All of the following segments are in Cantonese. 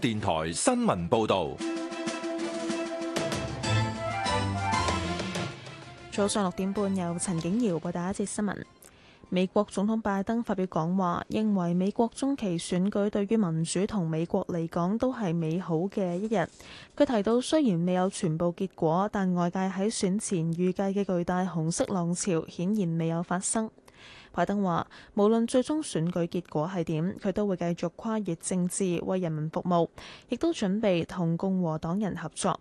電台新聞報道，早上六點半由陳景堯播第一節新聞。美國總統拜登發表講話，認為美國中期選舉對於民主同美國嚟講都係美好嘅一日。佢提到，雖然未有全部結果，但外界喺選前預計嘅巨大紅色浪潮顯然未有發生。拜登話：無論最終選舉結果係點，佢都會繼續跨越政治，為人民服務，亦都準備同共和黨人合作。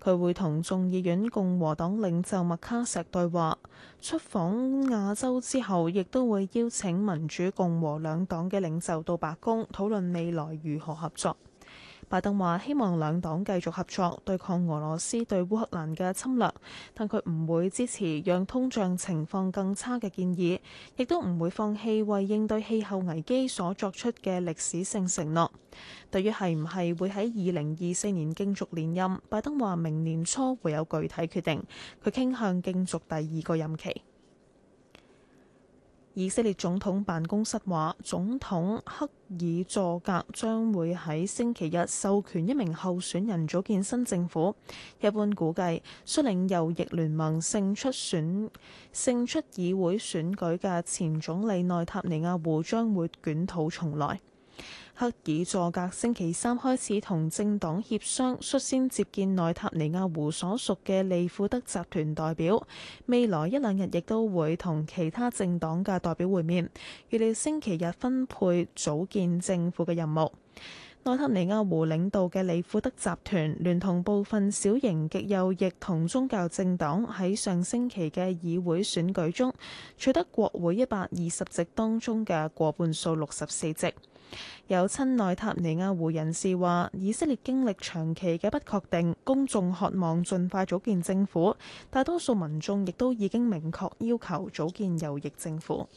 佢會同眾議院共和黨領袖麥卡錫對話，出訪亞洲之後，亦都會邀請民主共和兩黨嘅領袖到白宮，討論未來如何合作。拜登話希望兩黨繼續合作對抗俄羅斯對烏克蘭嘅侵略，但佢唔會支持讓通脹情況更差嘅建議，亦都唔會放棄為應對氣候危機所作出嘅歷史性承諾。對於係唔係會喺二零二四年競逐連任，拜登話明年初會有具體決定，佢傾向競逐第二個任期。以色列總統辦公室話，總統克爾佐格將會喺星期日授權一名候選人組建新政府。一般估計，率領右翼聯盟勝出選勝出議會選舉嘅前總理內塔尼亞胡將會捲土重來。克爾佐格星期三開始同政黨協商，率先接見內塔尼亞胡所屬嘅利庫德集團代表。未來一兩日亦都會同其他政黨嘅代表會面，預料星期日分配組建政府嘅任務。內塔尼亞胡領導嘅利庫德集團聯同部分小型極右翼同宗教政黨喺上星期嘅議會選舉中取得國會一百二十席當中嘅過半數六十四席。有親內塔尼亞胡人士話，以色列經歷長期嘅不確定，公眾渴望盡快組建政府，大多數民眾亦都已經明確要求組建右翼政府。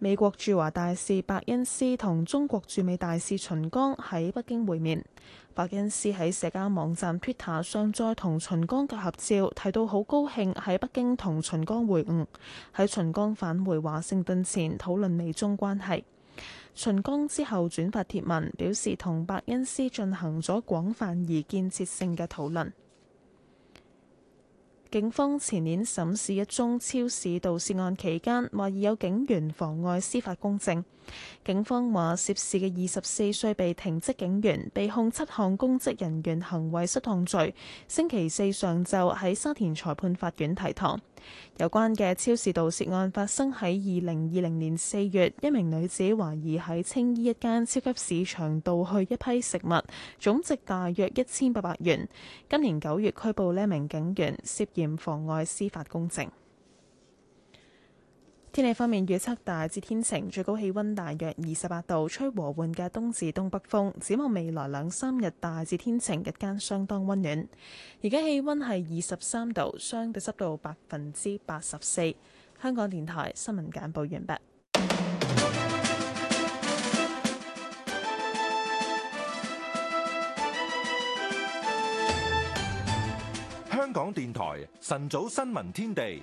美國駐華大使白恩斯同中國駐美大使秦剛喺北京會面。伯恩斯喺社交網站 Twitter 上載同秦剛嘅合照，提到好高興喺北京同秦剛會晤，喺秦剛返回華盛頓前討論美中關係。秦剛之後轉發貼文，表示同伯恩斯進行咗廣泛而建設性嘅討論。警方前年審視一宗超市盜竊案期間，話已有警員妨礙司法公正。警方話涉事嘅二十四歲被停職警員，被控七項公職人員行為失當罪，星期四上晝喺沙田裁判法院提堂。有關嘅超市盜竊案發生喺二零二零年四月，一名女子懷疑喺青衣一間超級市場盜去一批食物，總值大約一千八百元。今年九月拘捕呢名警員，涉嫌妨礙司法公正。天氣方面預測大致天晴，最高氣溫大約二十八度，吹和緩嘅東至東北風。展望未來兩三日大致天晴，日間相當溫暖。而家氣溫係二十三度，相對濕度百分之八十四。香港電台新聞簡報完畢。香港電台晨早新聞天地。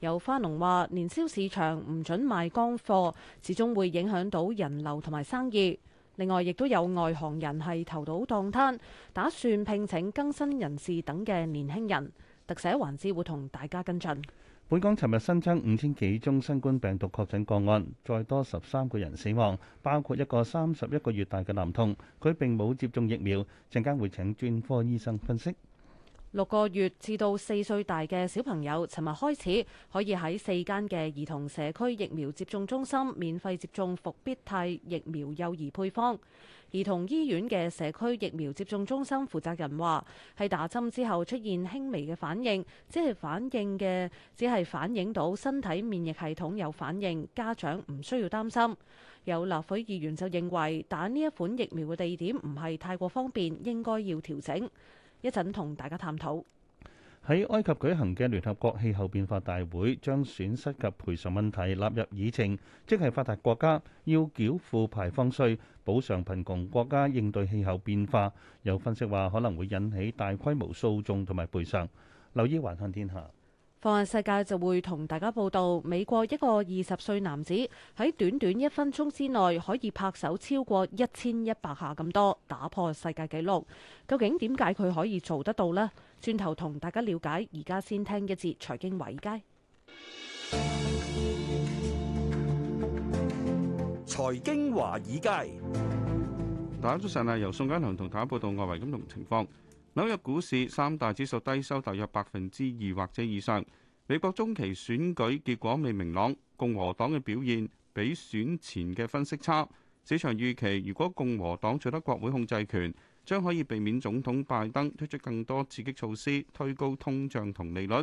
有花農話年宵市場唔准賣乾貨，始終會影響到人流同埋生意。另外，亦都有外行人係投到檔攤，打算聘請更生人士等嘅年輕人。特寫環節會同大家跟進。本港尋日新增五千幾宗新冠病毒確診個案，再多十三個人死亡，包括一個三十一個月大嘅男童，佢並冇接種疫苗。陣間會請專科醫生分析。六個月至到四歲大嘅小朋友，尋日開始可以喺四間嘅兒童社區疫苗接種中心免費接種復必泰疫苗幼兒配方。兒童醫院嘅社區疫苗接種中心負責人話，喺打針之後出現輕微嘅反應，只係反應嘅，只係反映到身體免疫系統有反應，家長唔需要擔心。有立法議員就認為，打呢一款疫苗嘅地點唔係太過方便，應該要調整。一陣同大家探討。喺埃及舉行嘅聯合國氣候變化大會，將損失及賠償問題納入議程，即係發達國家要繳付排放稅，補償貧窮國家應對氣候變化。有分析話可能會引起大規模訴訟同埋賠償。留意環行天下。放眼世界，就會同大家報道美國一個二十歲男子喺短短一分鐘之內可以拍手超過一千一百下咁多，打破世界紀錄。究竟點解佢可以做得到呢？轉頭同大家了解，而家先聽一節財經華爾街。財經華爾街，大家早晨啊！由宋嘉良同大家報道外圍金融情況。紐約股市三大指數低收大約百分之二或者以上。美國中期選舉結果未明朗，共和黨嘅表現比選前嘅分析差。市場預期如果共和黨取得國會控制權，將可以避免總統拜登推出更多刺激措施，推高通脹同利率。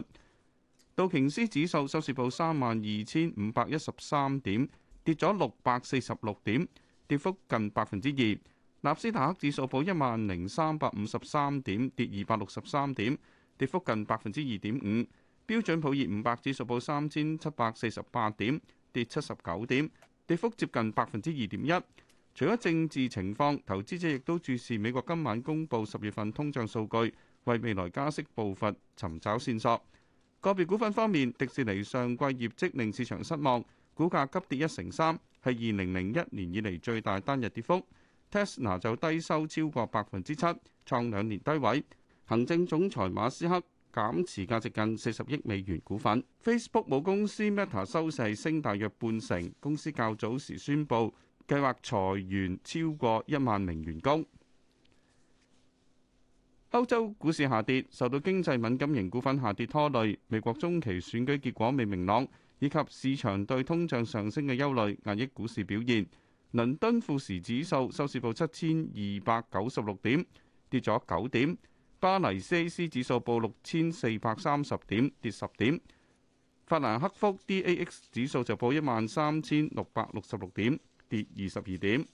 道瓊斯指數收市報三萬二千五百一十三點，跌咗六百四十六點，跌幅近百分之二。納斯達克指數報一萬零三百五十三點，跌二百六十三點，跌幅近百分之二點五。標準普爾五百指數報三千七百四十八點，跌七十九點，跌幅接近百分之二點一。除咗政治情況，投資者亦都注視美國今晚公布十月份通脹數據，為未來加息步伐尋找線索。個別股份方面，迪士尼上季業績令市場失望，股價急跌一成三，係二零零一年以嚟最大單日跌幅。Tesla 就低收超過百分之七，創兩年低位。行政總裁馬斯克減持價值近四十億美元股份。Facebook 母公司 Meta 收市升大約半成。公司較早時宣布計劃裁員超過一萬名員工。歐洲股市下跌，受到經濟敏感型股份下跌拖累。美國中期選舉結果未明朗，以及市場對通脹上升嘅憂慮壓抑股市表現。倫敦富時指數收市報七千二百九十六點，跌咗九點。巴黎 CAC 指數報六千四百三十點，跌十點。法蘭克福 DAX 指數就報一萬三千六百六十六點，跌二十二點。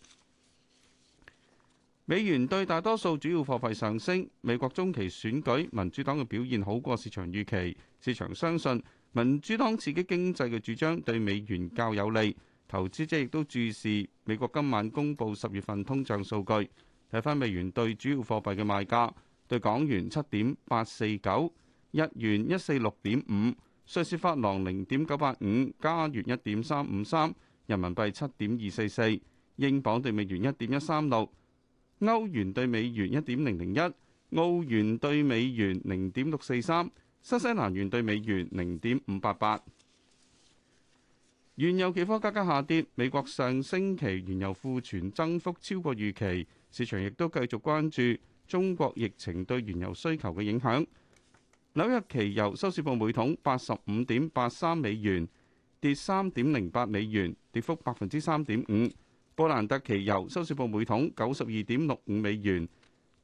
美元對大多數主要貨幣上升。美國中期選舉民主黨嘅表現好過市場預期，市場相信民主黨刺激經濟嘅主張對美元較有利。投資者亦都注視美國今晚公布十月份通脹數據，睇翻美元對主要貨幣嘅賣價：對港元七點八四九，日元一四六點五，瑞士法郎零點九八五，加元一點三五三，人民幣七點二四四，英鎊對美元一點一三六，歐元對美元一點零零一，澳元對美元零點六四三，新西蘭元對美元零點五八八。原油期貨價格下跌，美國上星期原油庫存增幅超過預期，市場亦都繼續關注中國疫情對原油需求嘅影響。紐約期油收市報每桶八十五點八三美元，跌三點零八美元，跌幅百分之三點五。布蘭特期油收市報每桶九十二點六五美元，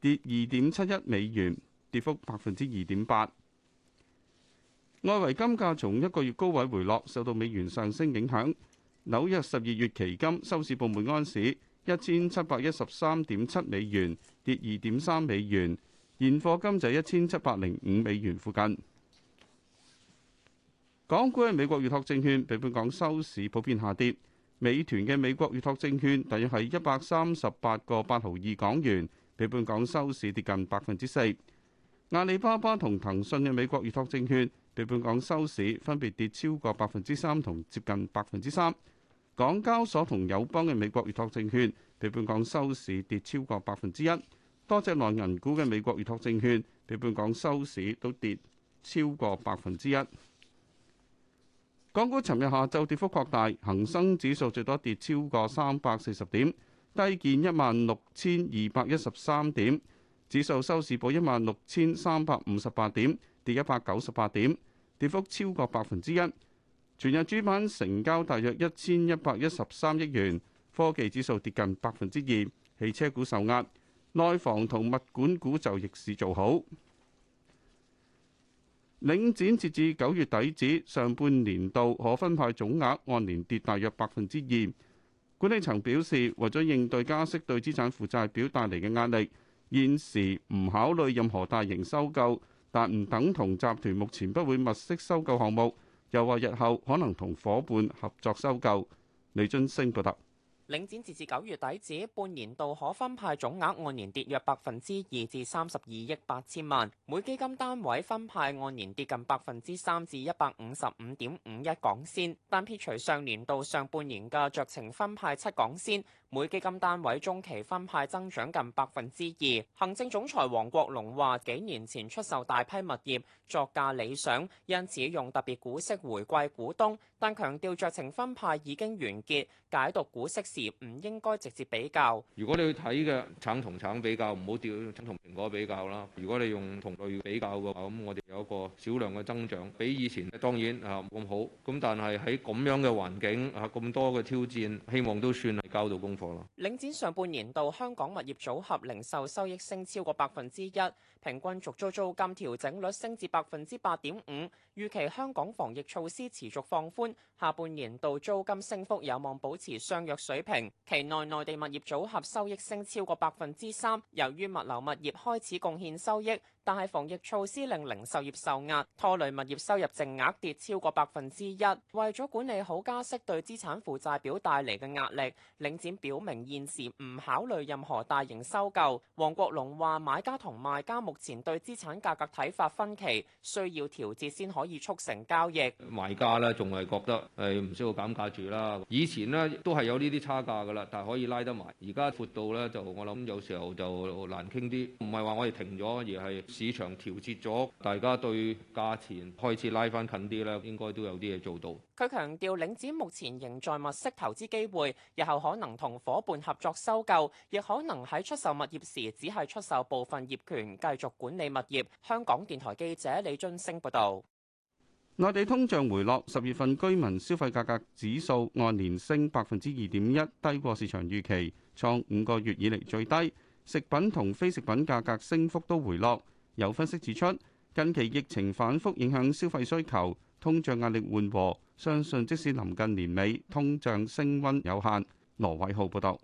跌二點七一美元，跌幅百分之二點八。外圍金價從一個月高位回落，受到美元上升影響。紐約十二月期金收市報每盎司一千七百一十三點七美元，跌二點三美元；現貨金就一千七百零五美元附近。港股嘅美國預託證券比本港收市普遍下跌，美團嘅美國預託證券大約係一百三十八個八毫二港元，比本港收市跌近百分之四。阿里巴巴同騰訊嘅美國預託證券。被本港收市分別跌超過百分之三同接近百分之三，港交所同友邦嘅美國預託證券被本港收市跌超過百分之一，多隻內銀股嘅美國預託證券被本港收市都跌超過百分之一。港股尋日下晝跌幅擴大，恒生指數最多跌超過三百四十點，低見一萬六千二百一十三點，指數收市報一萬六千三百五十八點。跌一百九十八點，跌幅超過百分之一。全日主板成交大約一千一百一十三億元。科技指數跌近百分之二，汽車股受壓，內房同物管股就逆市做好。領展截至九月底止上半年度可分派總額按年跌大約百分之二。管理層表示，為咗應對加息對資產負債表帶嚟嘅壓力，現時唔考慮任何大型收購。但唔等同集團目前不會密式收購項目，又話日後可能同伙伴合作收購。李津升報道，領展截至九月底止，半年度可分派總額按年跌約百分之二至三十二億八千萬，每基金單位分派按年跌近百分之三至一百五十五點五一港仙，但撇除上年度上半年嘅酌情分派七港仙，每基金單位中期分派增長近百分之二。行政總裁王國龍話：幾年前出售大批物業作價理想，因此用特別股息回饋股東，但強調酌情分派已經完結。解讀股息時唔應該直接比較。如果你去睇嘅橙同橙比較，唔好掉橙同蘋果比較啦。如果你用同類比較嘅話，咁我哋有個少量嘅增長，比以前當然啊冇咁好。咁但係喺咁樣嘅環境啊，咁多嘅挑戰，希望都算係交到功課。領展上半年度香港物業組合零售收益升超過百分之一。平均續租租金調整率升至百分之八點五，預期香港防疫措施持續放寬，下半年度租金升幅有望保持相若水平。期內內地物業組合收益升超過百分之三，由於物流物業開始貢獻收益，但係防疫措施令零售業受壓，拖累物業收入淨額跌超過百分之一。為咗管理好加息對資產負債表帶嚟嘅壓力，領展表明現時唔考慮任何大型收購。王國龍話：買家同賣家目前對資產價格睇法分歧，需要調節先可以促成交易。賣家咧仲係覺得誒唔需要減價住啦。以前咧都係有呢啲差價㗎喇，但係可以拉得埋。而家闊到咧就我諗有時候就難傾啲。唔係話我哋停咗，而係市場調節咗，大家對價錢開始拉返近啲咧，應該都有啲嘢做到。佢強調，領展目前仍在物色投資機會，日後可能同伙伴合作收購，亦可能喺出售物業時只係出售部分業權，繼續管理物業。香港電台記者李津升報道。內地通脹回落，十月份居民消費價格指數按年升百分之二點一，低過市場預期，創五個月以嚟最低。食品同非食品價格升幅都回落，有分析指出，近期疫情反覆影響消費需求。通脹壓力緩和，相信即使臨近年尾，通脹升溫有限。羅偉浩報導。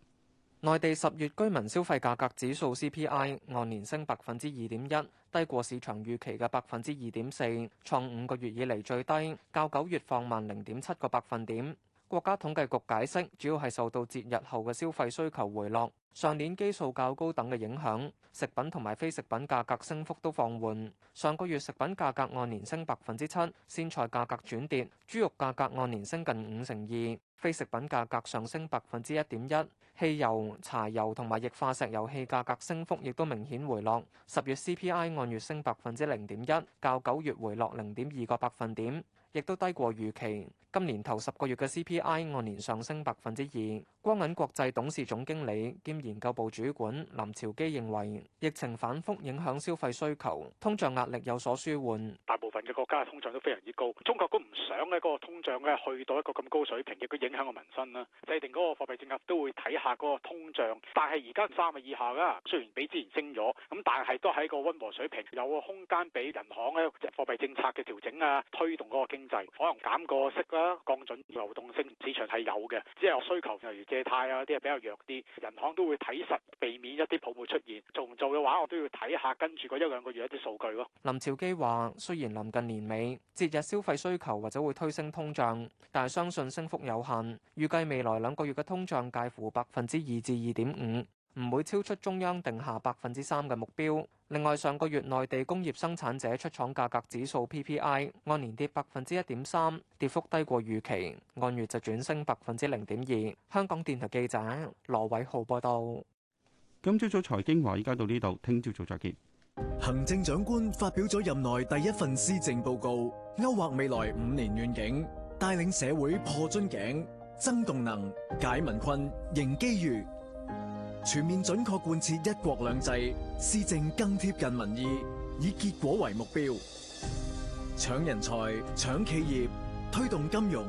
內地十月居民消費價格指數 CPI 按年升百分之二點一，低過市場預期嘅百分之二點四，創五個月以嚟最低，較九月放慢零點七個百分點。國家統計局解釋，主要係受到節日後嘅消費需求回落、上年基數較高等嘅影響，食品同埋非食品價格升幅都放緩。上個月食品價格按年升百分之七，鮮菜價格轉跌，豬肉價格按年升近五成二，非食品價格上升百分之一點一。汽油、柴油同埋液化石油氣價格升幅亦都明顯回落。十月 CPI 按月升百分之零點一，較九月回落零點二個百分點。亦都低過預期。今年頭十個月嘅 CPI 按年上升百分之二。光銀國際董事總經理兼研究部主管林朝基認為，疫情反覆影響消費需求，通脹壓力有所舒緩。大部分嘅國家通脹都非常之高。中國都唔想呢個通脹咧去到一個咁高水平，亦都影響個民生啦。制定嗰個貨幣政策都會睇下嗰個通脹。但係而家三以下啦，雖然比之前升咗，咁但係都係一個溫和水平，有個空間俾銀行咧貨幣政策嘅調整啊，推動嗰個經。可能減個息啦，降準，流動性市場係有嘅，只係我需求例如借貸啊啲係比較弱啲。人行都會睇實，避免一啲泡沫出現。做唔做嘅話，我都要睇下跟住嗰一兩個月一啲數據咯。林兆基話：雖然臨近年尾節日消費需求或者會推升通脹，但係相信升幅有限，預計未來兩個月嘅通脹介乎百分之二至二點五。唔會超出中央定下百分之三嘅目標。另外，上個月內地工業生產者出廠價格指數 PPI 按年跌百分之一點三，跌幅低過預期，按月就轉升百分之零點二。香港電台記者羅偉浩報道。今朝早財經華而家到呢度，聽朝早再見。行政長官發表咗任內第一份施政報告，勾畫未來五年願景，帶領社會破樽頸、增動能、解民困、迎機遇。全面準確貫徹一國兩制，施政更貼近民意，以結果為目標。搶人才、搶企業，推動金融、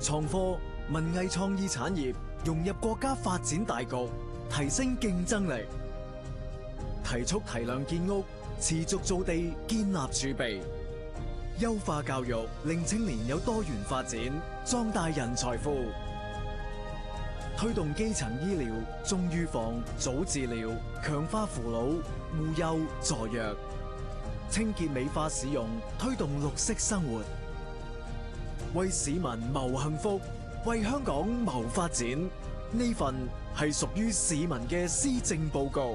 創科、文藝創意產業融入國家發展大局，提升競爭力。提速提量建屋，持續造地，建立儲備，優化教育，令青年有多元發展，壯大人才庫。推動基層醫療、重預防、早治療、強化扶老、護幼助弱、清潔美化市容，推動綠色生活，為市民謀幸福，為香港謀發展。呢份係屬於市民嘅施政報告。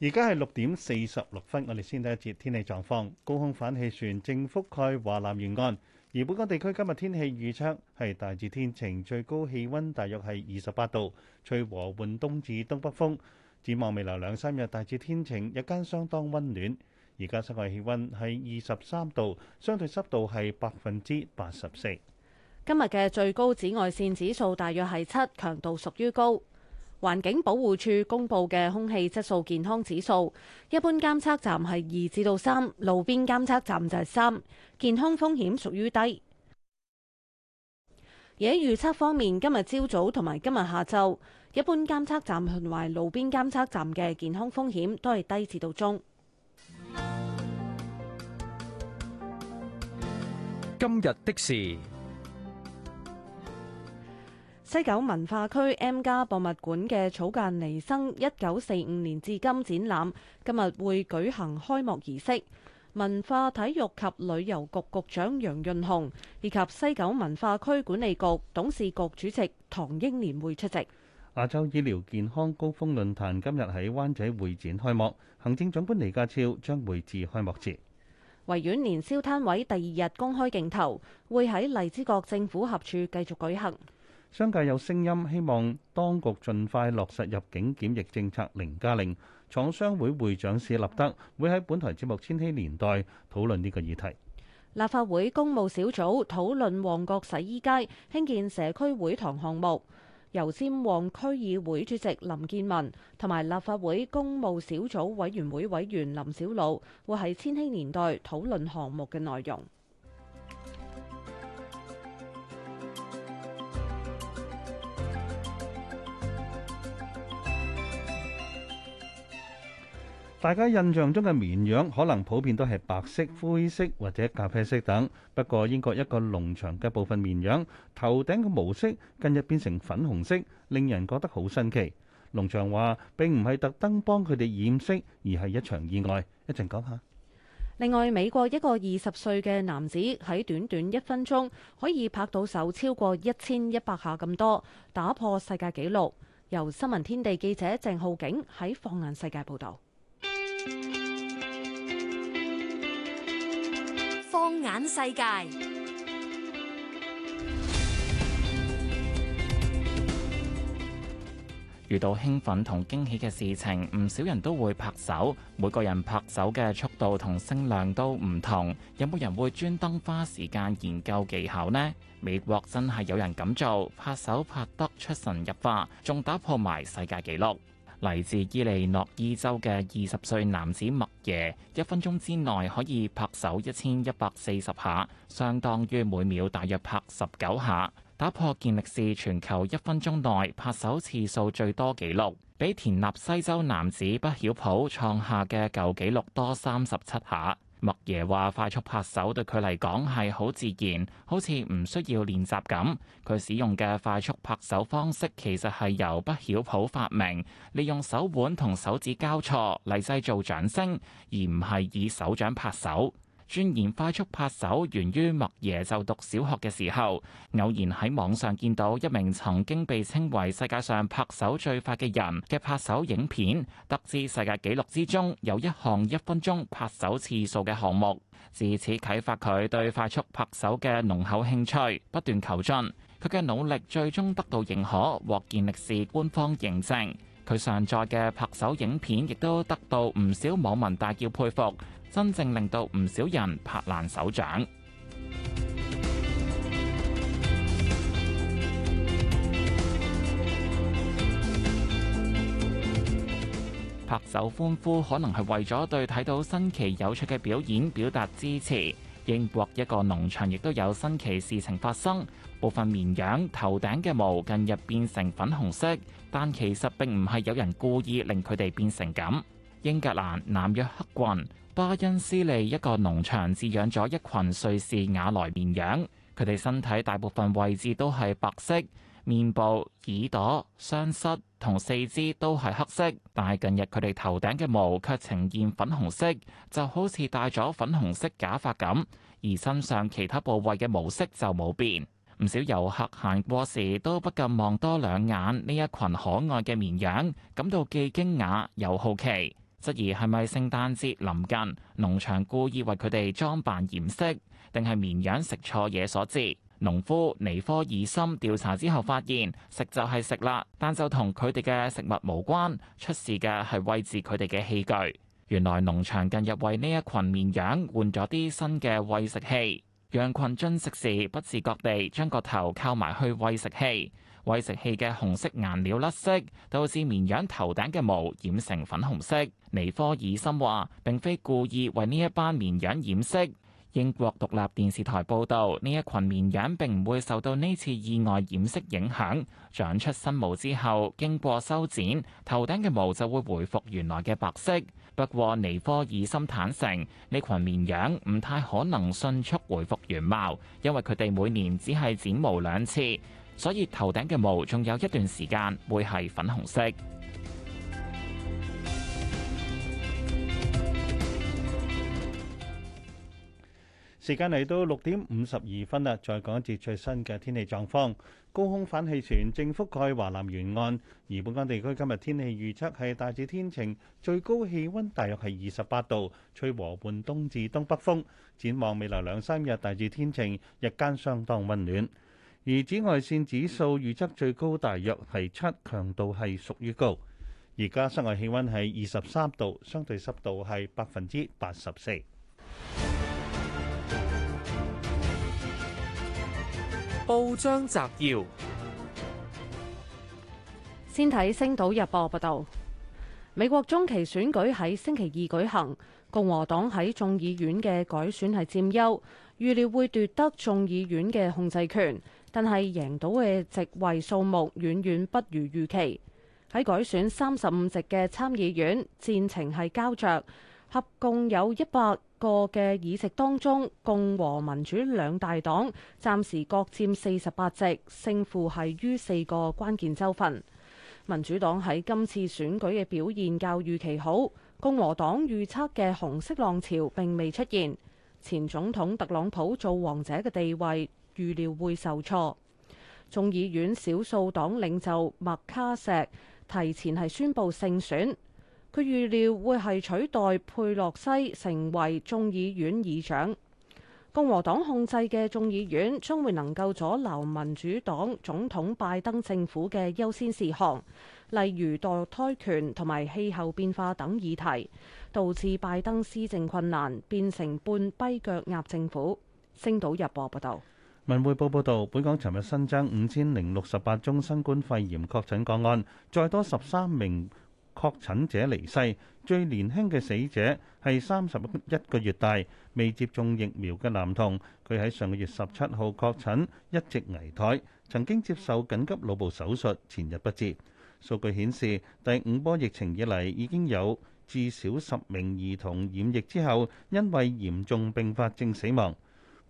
而家係六點四十六分，我哋先睇一節天氣狀況。高空反氣旋正覆蓋華南沿岸。而本港地區今日天氣預測係大致天晴，最高氣溫大約係二十八度，吹和緩東至東北風，展望未來兩三日大致天晴，日間相當溫暖。而家室外氣溫係二十三度，相對濕度係百分之八十四。今日嘅最高紫外線指數大約係七，強度屬於高。環境保護署公布嘅空氣質素健康指數，一般監測站係二至到三，路邊監測站就係三，健康風險屬於低。而喺預測方面，今日朝早同埋今日下晝，一般監測站同埋路邊監測站嘅健康風險都係低至到中。今日的事。西九文化區 M+ 博物館嘅草間彌生一九四五年至今展覽今日會舉行開幕儀式。文化、體育及旅遊局局長楊潤雄以及西九文化區管理局董事局主席唐英年會出席。亞洲醫療健康高峰論壇今日喺灣仔會展開幕，行政長官李家超將會致開幕詞。維園年宵攤位第二日公開競投，會喺荔枝角政府合署繼續舉行。商界有聲音希望當局盡快落實入境檢疫政策零加零。廠商會會長史立德會喺本台節目《千禧年代》討論呢個議題。立法會工務小組討論旺角洗衣街興建社區會堂項目，由尖旺區議會主席林建文同埋立法會工務小組委員會委員林筱魯會喺《千禧年代》討論項目嘅內容。大家印象中嘅綿羊可能普遍都係白色、灰色或者咖啡色等。不過，英國一個農場嘅部分綿羊頭頂嘅毛色近日變成粉紅色，令人覺得好新奇。農場話並唔係特登幫佢哋染色，而係一場意外。一陣講下。另外，美國一個二十歲嘅男子喺短短一分鐘可以拍到手超過一千一百下咁多，打破世界紀錄。由新聞天地記者鄭浩景喺放眼世界報道。放眼世界，遇到興奮同驚喜嘅事情，唔少人都會拍手。每個人拍手嘅速度同聲量都唔同。有冇人會專登花時間研究技巧呢？美國真係有人咁做，拍手拍得出神入化，仲打破埋世界紀錄。嚟自伊利諾伊州嘅二十歲男子麥耶，一分鐘之內可以拍手一千一百四十下，相當於每秒大約拍十九下，打破健力士全球一分鐘內拍手次數最多紀錄，比田納西州男子不曉普創下嘅舊紀錄多三十七下。麥爺話：快速拍手對佢嚟講係好自然，好似唔需要練習咁。佢使用嘅快速拍手方式其實係由不曉普發明，利用手腕同手指交錯嚟製造掌聲，而唔係以手掌拍手。專研快速拍手源於默爺就讀小學嘅時候，偶然喺網上見到一名曾經被稱為世界上拍手最快嘅人嘅拍手影片，得知世界紀錄之中有一項一分鐘拍手次數嘅項目，自此啟發佢對快速拍手嘅濃厚興趣，不斷求進。佢嘅努力最終得到認可，獲健力士官方認證。佢上載嘅拍手影片，亦都得到唔少網民大叫佩服，真正令到唔少人拍爛手掌。拍手歡呼可能係為咗對睇到新奇有趣嘅表演表達支持。英國一個農場亦都有新奇事情發生，部分綿羊頭頂嘅毛近日變成粉紅色。但其實並唔係有人故意令佢哋變成咁。英格蘭南約克郡巴恩斯利一個農場飼養咗一群瑞士瓦萊綿羊，佢哋身體大部分位置都係白色，面部、耳朵、雙膝，雙膝同四肢都係黑色，但係近日佢哋頭頂嘅毛卻呈現粉紅色，就好似戴咗粉紅色假髮咁，而身上其他部位嘅毛色就冇變。唔少遊客行過時都不禁望多兩眼呢一群可愛嘅綿羊，感到既驚訝又好奇，質疑係咪聖誕節臨近，農場故意為佢哋裝扮染色，定係綿羊食錯嘢所致？農夫尼科爾森調查之後發現，食就係食啦，但就同佢哋嘅食物無關，出事嘅係餵飼佢哋嘅器具。原來農場近日為呢一群綿羊換咗啲新嘅餵食器。羊群進食時不自覺地將個頭靠埋去餵食器，餵食器嘅紅色顏料甩色，導致綿羊頭頂嘅毛染成粉紅色。尼科爾森話：並非故意為呢一班綿羊染色。英國獨立電視台報導，呢一群綿羊並唔會受到呢次意外染色影響，長出新毛之後，經過修剪，頭頂嘅毛就會回復原來嘅白色。不過尼科爾森坦承，呢群綿羊唔太可能迅速回復原貌，因為佢哋每年只係剪毛兩次，所以頭頂嘅毛仲有一段時間會係粉紅色。時間嚟到六點五十二分啦，再講一次最新嘅天氣狀況。高空反氣旋正覆蓋華南沿岸，而本港地區今日天氣預測係大致天晴，最高氣温大約係二十八度，吹和緩東至東北風。展望未來兩三日大致天晴，日間相當温暖，而紫外線指數預測最高大約係七，強度係屬於高。而家室外氣温係二十三度，相對濕度係百分之八十四。報章摘要，先睇《星島日報》報道：美國中期選舉喺星期二舉行，共和黨喺眾議院嘅改選係佔優，預料會奪得眾議院嘅控制權，但係贏到嘅席位數目遠遠不如預期。喺改選三十五席嘅參議院，戰情係膠着，合共有一百。個嘅議席當中，共和民主兩大黨暫時各佔四十八席，勝負係於四個關鍵州份。民主黨喺今次選舉嘅表現較預期好，共和黨預測嘅紅色浪潮並未出現。前總統特朗普做王者嘅地位預料會受挫。眾議院少數黨領袖麥卡錫提前係宣布勝選。佢預料會係取代佩洛西成為眾議院議長，共和黨控制嘅眾議院將會能夠阻撓民主黨總統拜登政府嘅優先事項，例如墮胎權同埋氣候變化等議題，導致拜登施政困難，變成半跛腳鴨政府。《星島日報》報道：《文匯報》報道，本港尋日新增五千零六十八宗新冠肺炎確診個案，再多十三名確診者離世，最年輕嘅死者係三十一個月大、未接種疫苗嘅男童，佢喺上個月十七號確診，一直危殆，曾經接受緊急腦部手術，前日不治。數據顯示，第五波疫情以嚟已經有至少十名兒童染疫之後，因為嚴重併發症死亡。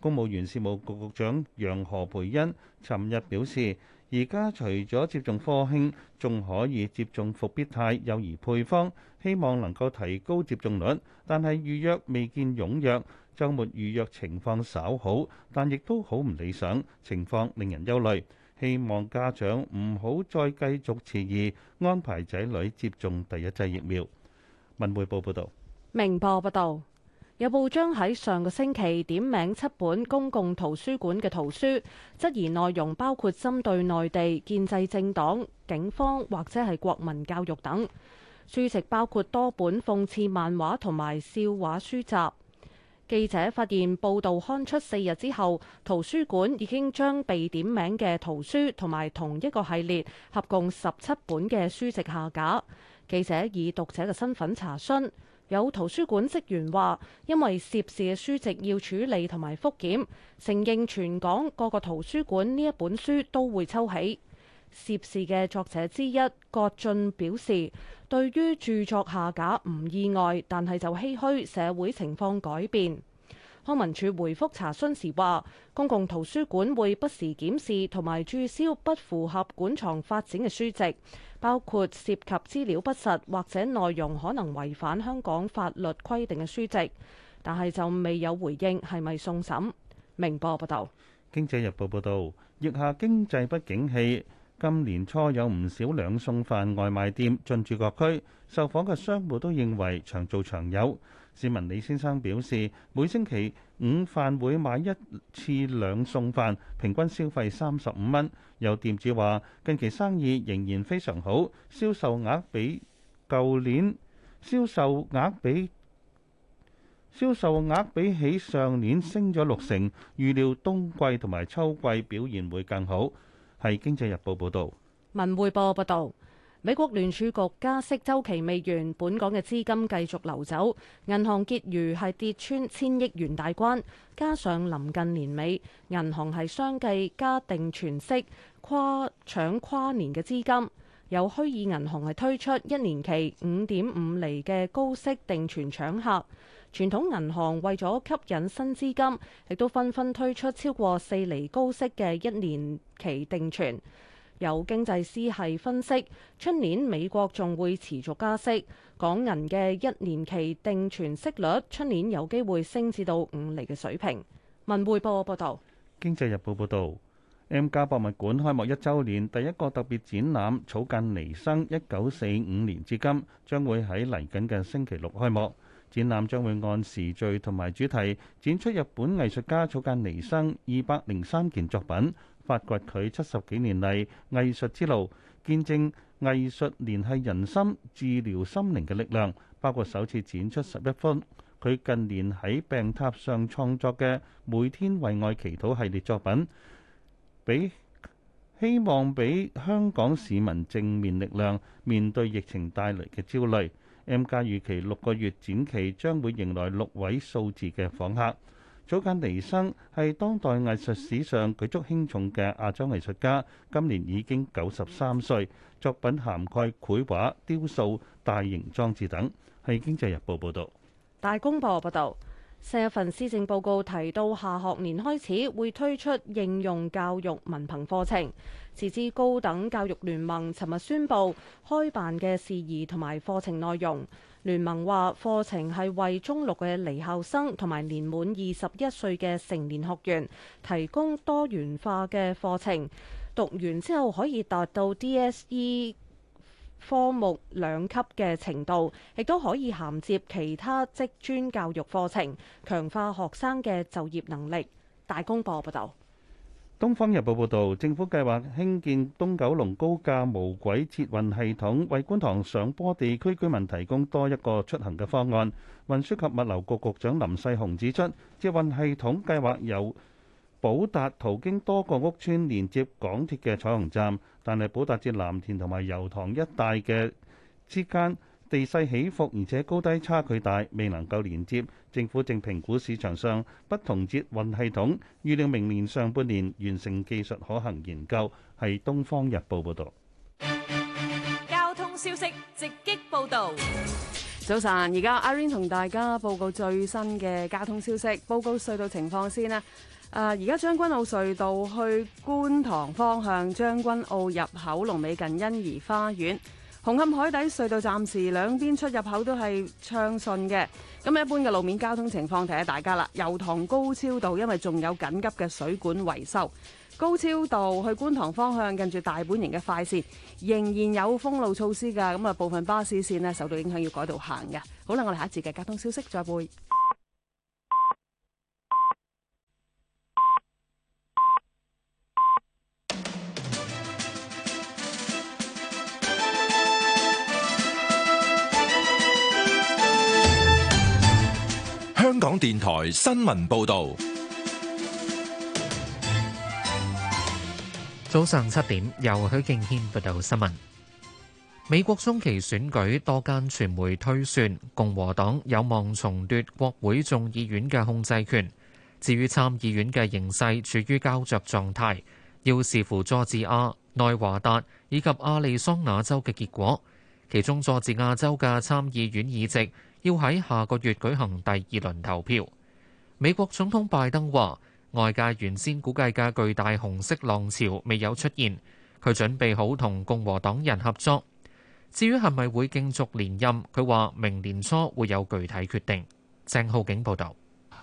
公務員事務局局長楊何蓓茵尋日表示：而家除咗接種科興，仲可以接種復必泰幼兒配方，希望能夠提高接種率。但係預約未見踴躍，週末預約情況稍好，但亦都好唔理想，情況令人憂慮。希望家長唔好再繼續遲疑，安排仔女接種第一劑疫苗。文匯報報導。明報報道。有報章喺上個星期點名七本公共圖書館嘅圖書，質疑內容包括針對內地建制政黨、警方或者係國民教育等，書籍包括多本諷刺漫畫同埋笑話書集。記者發現報道刊出四日之後，圖書館已經將被點名嘅圖書同埋同一個系列合共十七本嘅書籍下架。記者以讀者嘅身份查詢。有圖書館職員話：因為涉事嘅書籍要處理同埋復檢，承認全港各個圖書館呢一本書都會抽起。涉事嘅作者之一郭俊表示：對於著作下架唔意外，但係就唏噓社會情況改變。康文署回覆查詢時話：公共圖書館會不時檢視同埋註銷不符合館藏發展嘅書籍。包括涉及資料不實或者內容可能違反香港法律規定嘅書籍，但係就未有回應係咪送審。明報報道，《經濟日報》報道，疫下經濟不景氣，今年初有唔少兩餸飯外賣店進駐各區，受訪嘅商戶都認為長做長有。市民李先生表示，每星期午飯會買一次兩餸飯，平均消費三十五蚊。有店主話，近期生意仍然非常好，銷售額比舊年銷售額比銷售額比起上年升咗六成，預料冬季同埋秋季表現會更好。係《經濟日報》報導。文匯報報道。美國聯儲局加息周期未完，本港嘅資金繼續流走，銀行結餘係跌穿千億元大關。加上臨近年尾，銀行係相繼加定存息，跨搶跨年嘅資金。有虛擬銀行係推出一年期五點五厘嘅高息定存搶客，傳統銀行為咗吸引新資金，亦都紛紛推出超過四厘高息嘅一年期定存。有經濟師係分析，春年美國仲會持續加息，港銀嘅一年期定存息率春年有機會升至到五釐嘅水平。文匯報報道，《經濟日報》報道，M 加博物館開幕一週年，第一個特別展覽《草間彌生一九四五年至今》將會喺嚟緊嘅星期六開幕。展覽將會按時序同埋主題展出日本藝術家草間彌生二百零三件作品。發掘佢七十幾年嚟藝術之路，見證藝術聯繫人心、治療心靈嘅力量，包括首次展出十一幅佢近年喺病榻上創作嘅《每天為愛祈禱》系列作品，俾希望俾香港市民正面力量面對疫情帶嚟嘅焦慮。M+ 預期六個月展期將會迎來六位數字嘅訪客。草間彌生係當代藝術史上舉足輕重嘅亞洲藝術家，今年已經九十三歲，作品涵蓋繪畫、雕塑、大型裝置等。係《經濟日報》報道，大公報報道。新一份施政報告提到，下學年開始會推出應用教育文憑課程。截至高等教育聯盟尋日宣布開辦嘅事宜同埋課程內容，聯盟話課程係為中六嘅離校生同埋年滿二十一歲嘅成年學員提供多元化嘅課程，讀完之後可以達到 DSE 科目兩級嘅程度，亦都可以銜接其他職專教育課程，強化學生嘅就業能力。大公報報道。東方日報報道，政府計劃興建東九龍高架無軌捷運系統，為觀塘上坡地區居民提供多一個出行嘅方案。運輸及物流局局長林世雄指出，捷運系統計劃由寶達途經多個屋村連接港鐵嘅彩虹站，但係寶達至藍田同埋油塘一帶嘅之間地勢起伏，而且高低差距大，未能夠連接。政府正評估市場上不同捷運系統，預料明年上半年完成技術可行研究。係《東方日報》報道。交通消息直擊報道。早晨，而家 Irene 同大家報告最新嘅交通消息，報告隧道情況先啦。啊！而家將軍澳隧道去觀塘方向，將軍澳入口龍尾近欣怡花園。紅磡海底隧道暫時兩邊出入口都係暢順嘅。咁一般嘅路面交通情況睇下大家啦。油塘高超道因為仲有緊急嘅水管維修，高超道去觀塘方向近住大本型嘅快線仍然有封路措施㗎。咁啊部分巴士線呢受到影響要改道行嘅。好啦，我哋下一節嘅交通消息再會。香港電台新聞報道，早上七點，由許敬軒報道新聞。美國中期選舉，多間傳媒推算共和黨有望重奪國會眾議院嘅控制權，至於參議院嘅形勢處於膠着狀態，要視乎佐治亞、內華達以及亞利桑那州嘅結果。其中佐治亞州嘅參議院議席，要喺下個月舉行第二輪投票。美國總統拜登話，外界原先估計嘅巨大紅色浪潮未有出現。佢準備好同共和黨人合作。至於係咪會競逐連任，佢話明年初會有具體決定。鄭浩景報道，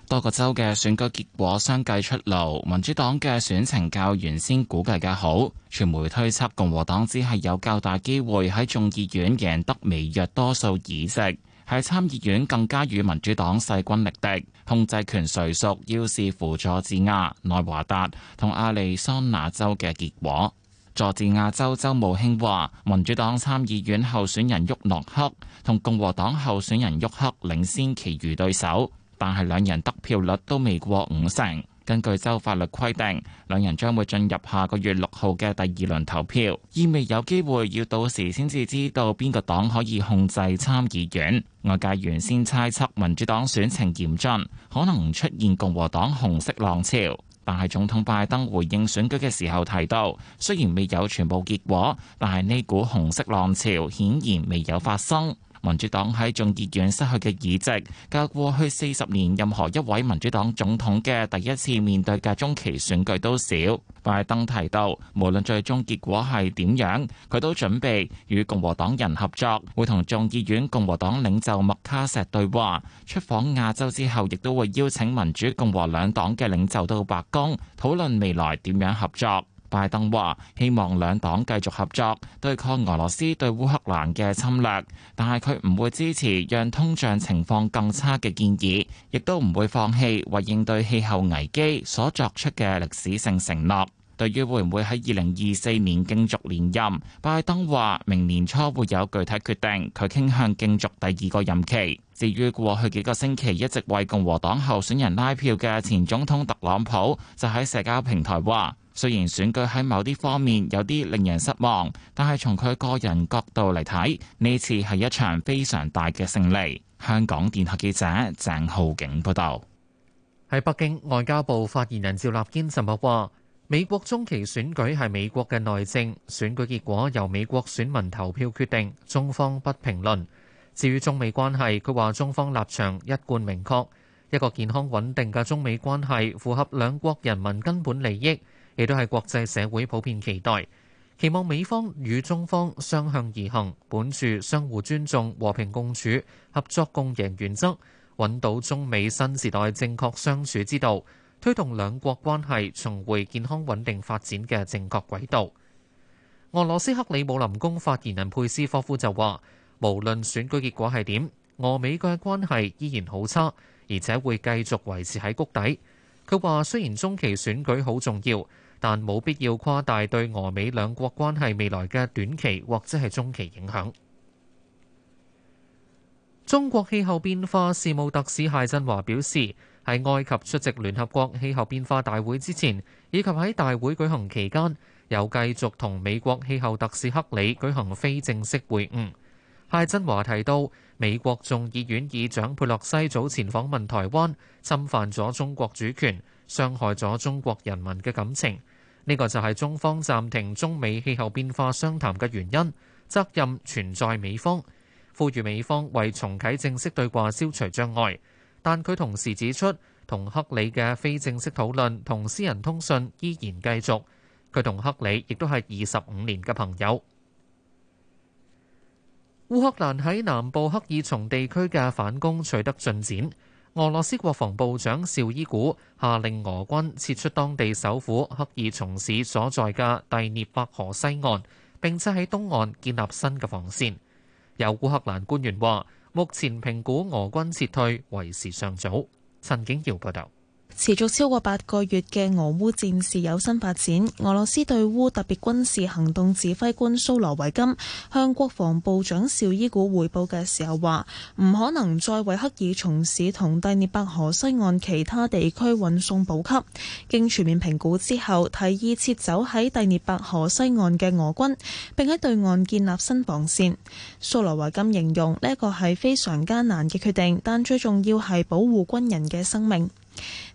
多個州嘅選舉結果相繼出爐，民主黨嘅選情較原先估計嘅好。傳媒推測，共和黨只係有較大機會喺眾議院贏得微弱多數議席。喺參議院更加與民主黨勢均力敵，控制權誰屬要視乎佐治亞、內華達同亞利桑那州嘅結果。佐治亞州州務卿話，民主黨參議院候選人沃諾克同共和黨候選人沃克領先其餘對手，但係兩人得票率都未過五成。根據州法律規定，兩人將會進入下個月六號嘅第二輪投票，意味有機會要到時先至知道邊個黨可以控制參議院。外界原先猜測民主黨選情嚴峻，可能出現共和黨紅色浪潮，但係總統拜登回應選舉嘅時候提到，雖然未有全部結果，但係呢股紅色浪潮顯然未有發生。民主黨喺眾議院失去嘅議席，較過去四十年任何一位民主黨總統嘅第一次面對嘅中期選舉都少。拜登提到，無論最終結果係點樣，佢都準備與共和黨人合作，會同眾議院共和黨領袖麥卡錫對話。出訪亞洲之後，亦都會邀請民主共和兩黨嘅領袖到白宮，討論未來點樣合作。拜登話希望兩黨繼續合作對抗俄羅斯對烏克蘭嘅侵略，但係佢唔會支持讓通脹情況更差嘅建議，亦都唔會放棄為應對氣候危機所作出嘅歷史性承諾。對於會唔會喺二零二四年競逐連任，拜登話明年初會有具體決定。佢傾向競逐第二個任期。至於過去幾個星期一直為共和黨候選人拉票嘅前總統特朗普，就喺社交平台話：雖然選舉喺某啲方面有啲令人失望，但係從佢個人角度嚟睇，呢次係一場非常大嘅勝利。香港電台記者鄭浩景報道。喺北京，外交部發言人趙立堅尋日話，美國中期選舉係美國嘅內政，選舉結果由美國選民投票決定，中方不評論。至於中美關係，佢話中方立場一貫明確，一個健康穩定嘅中美關係符合兩國人民根本利益。亦都係國際社會普遍期待，期望美方與中方相向而行，本住相互尊重、和平共處、合作共贏原則，揾到中美新時代正確相處之道，推動兩國關係重回健康穩定發展嘅正確軌道。俄羅斯克里姆林宮發言人佩斯科夫就話，無論選舉結果係點，俄美嘅關係依然好差，而且會繼續維持喺谷底。佢話，雖然中期選舉好重要，但冇必要誇大對俄美兩國關係未來嘅短期或者係中期影響。中國氣候變化事務特使謝振華表示，喺埃及出席聯合國氣候變化大會之前，以及喺大會舉行期間，又繼續同美國氣候特使克里舉行非正式會晤。謝振華提到，美國眾議院議長佩洛西早前訪問台灣，侵犯咗中國主權，傷害咗中國人民嘅感情。呢個就係中方暫停中美氣候變化商談嘅原因，責任存在美方，呼籲美方為重啟正式對話消除障礙，但佢同時指出，同克里嘅非正式討論同私人通訊依然繼續，佢同克里亦都係二十五年嘅朋友。烏克蘭喺南部克爾松地區嘅反攻取得進展。俄羅斯國防部長邵伊古下令俄軍撤出當地首府克爾松市所在嘅第涅伯河西岸，並且喺東岸建立新嘅防線。有烏克蘭官員話：目前評估俄軍撤退為時尚早。陳景耀報道。持續超過八個月嘅俄烏戰事有新發展。俄羅斯對烏特別軍事行動指揮官蘇羅維金向國防部長邵伊古匯報嘅時候話：唔可能再為克爾松市同第涅伯河西岸其他地區運送補給。經全面評估之後，提議撤走喺第涅伯河西岸嘅俄軍，並喺對岸建立新防線。蘇羅維金形容呢一個係非常艱難嘅決定，但最重要係保護軍人嘅生命。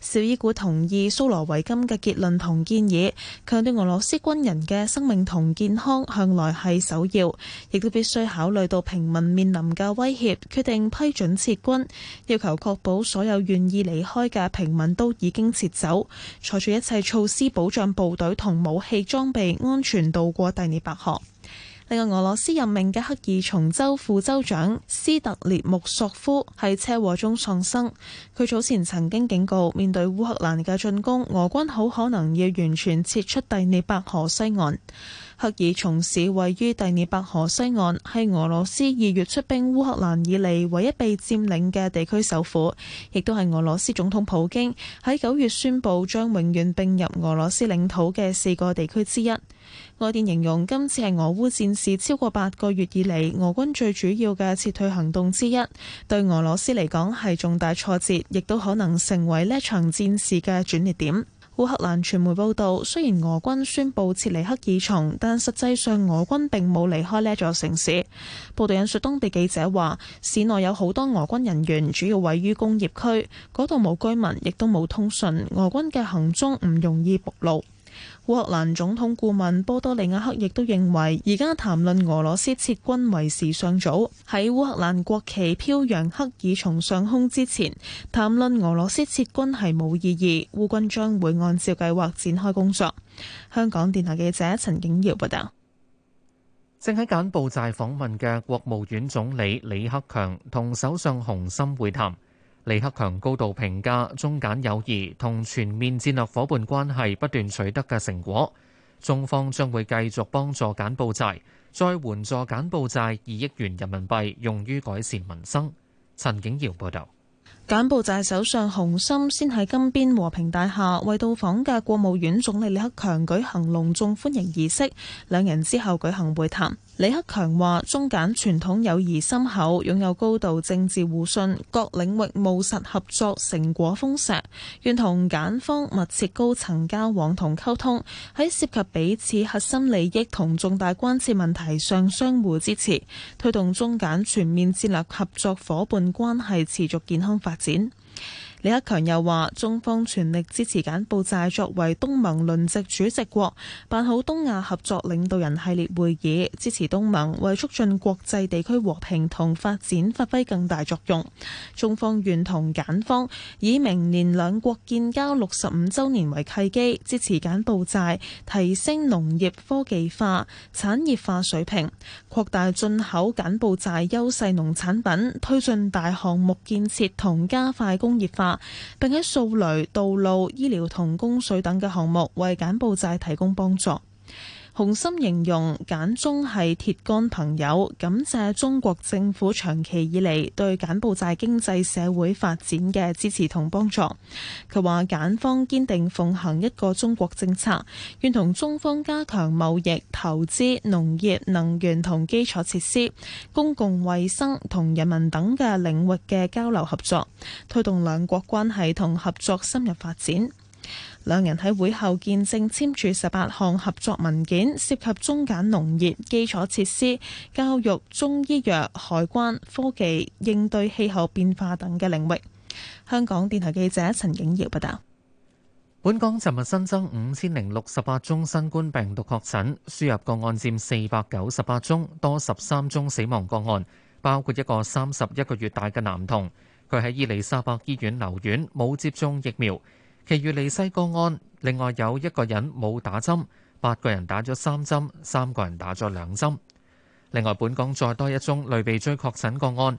紹伊古同意蘇羅維金嘅結論同建議，強調俄羅斯軍人嘅生命同健康向來係首要，亦都必須考慮到平民面臨嘅威脅，決定批准撤軍，要求確保所有願意離開嘅平民都已經撤走，採取一切措施保障部隊同武器裝備安全渡過第聶伯河。另外，俄羅斯任命嘅克爾松州副州長斯特列穆索夫喺車禍中喪生。佢早前曾經警告，面對烏克蘭嘅進攻，俄軍好可能要完全撤出第聶伯河西岸。克爾松市位於第聶伯河西岸，係俄羅斯二月出兵烏克蘭以嚟唯一被佔領嘅地區首府，亦都係俄羅斯總統普京喺九月宣布將永遠並入俄羅斯領土嘅四個地區之一。外電形容今次係俄烏戰事超過八個月以嚟俄軍最主要嘅撤退行動之一，對俄羅斯嚟講，係重大挫折，亦都可能成為呢場戰事嘅轉捩點。烏克蘭傳媒報道，雖然俄軍宣布撤離克爾松，但實際上俄軍並冇離開呢座城市。報道引述當地記者話，市內有好多俄軍人員主要位於工業區嗰度冇居民，亦都冇通訊，俄軍嘅行蹤唔容易暴露。烏克蘭總統顧問波多利亞克亦都認為，而家談論俄羅斯撤軍為時尚早。喺烏克蘭國旗飄揚、克爾松上空之前，談論俄羅斯撤軍係冇意義。烏軍將會按照計劃展開工作。香港電台記者陳景耀報道。正喺柬埔寨訪問嘅國務院總理李克強同首相洪森會談。李克強高度評價中柬友誼同全面戰略伙伴關係不斷取得嘅成果，中方將會繼續幫助柬埔寨，再援助柬埔寨二億元人民幣，用於改善民生。陳景耀報道：「柬埔寨首相洪森先喺金邊和平大廈，為到訪嘅國務院總理李克強舉行隆重歡迎儀式，兩人之後舉行會談。李克強話：中柬傳統友誼深厚，擁有高度政治互信，各領域務實合作成果豐碩，願同柬方密切高層交往同溝通，喺涉及彼此核心利益同重大關切問題上相互支持，推動中柬全面戰略合作伙伴關係持續健康發展。李克強又話：中方全力支持柬埔寨作為東盟輪值主席國，辦好東亞合作領導人系列會議，支持東盟，為促進國際地區和平同發展發揮更大作用。中方願同柬方以明年兩國建交六十五週年為契機，支持柬埔寨提升農業科技化、產業化水平，擴大進口柬埔寨優勢農產品，推進大項目建設同加快工業化。並喺掃雷、道路、醫療同供水等嘅項目，為柬埔寨提供幫助。洪森形容柬中係鐵桿朋友，感謝中國政府長期以嚟對柬埔寨經濟社會發展嘅支持同幫助。佢話柬方堅定奉行一個中國政策，願同中方加強貿易、投資、農業、能源同基礎設施、公共衛生同人民等嘅領域嘅交流合作，推動兩國關係同合作深入發展。兩人喺會後見證簽署十八項合作文件，涉及中柬農業、基礎設施、教育、中醫藥、海關、科技、應對氣候變化等嘅領域。香港電台記者陳景瑤報道。本港尋日新增五千零六十八宗新冠病毒確診，輸入個案佔四百九十八宗，多十三宗死亡個案，包括一個三十一個月大嘅男童，佢喺伊利沙伯醫院留院，冇接種疫苗。其餘離世個案，另外有一個人冇打針，八個人打咗三針，三個人打咗兩針。另外，本港再多一宗類鼻疽確診個案，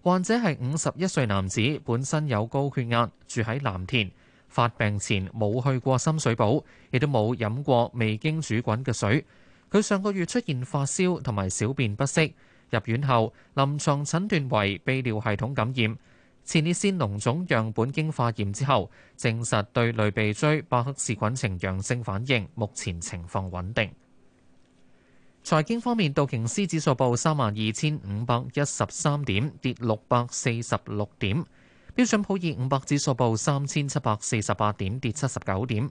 患者係五十一歲男子，本身有高血壓，住喺藍田，發病前冇去過深水埗，亦都冇飲過未經煮滾嘅水。佢上個月出現發燒同埋小便不適，入院後臨床診斷為泌尿系統感染。前列腺膿腫樣本經化驗之後，證實對類鼻疽伯克氏菌呈陽性反應。目前情況穩定。財經方面，道瓊斯指數報三萬二千五百一十三點，跌六百四十六點；標準普爾五百指數報三千七百四十八點，跌七十九點。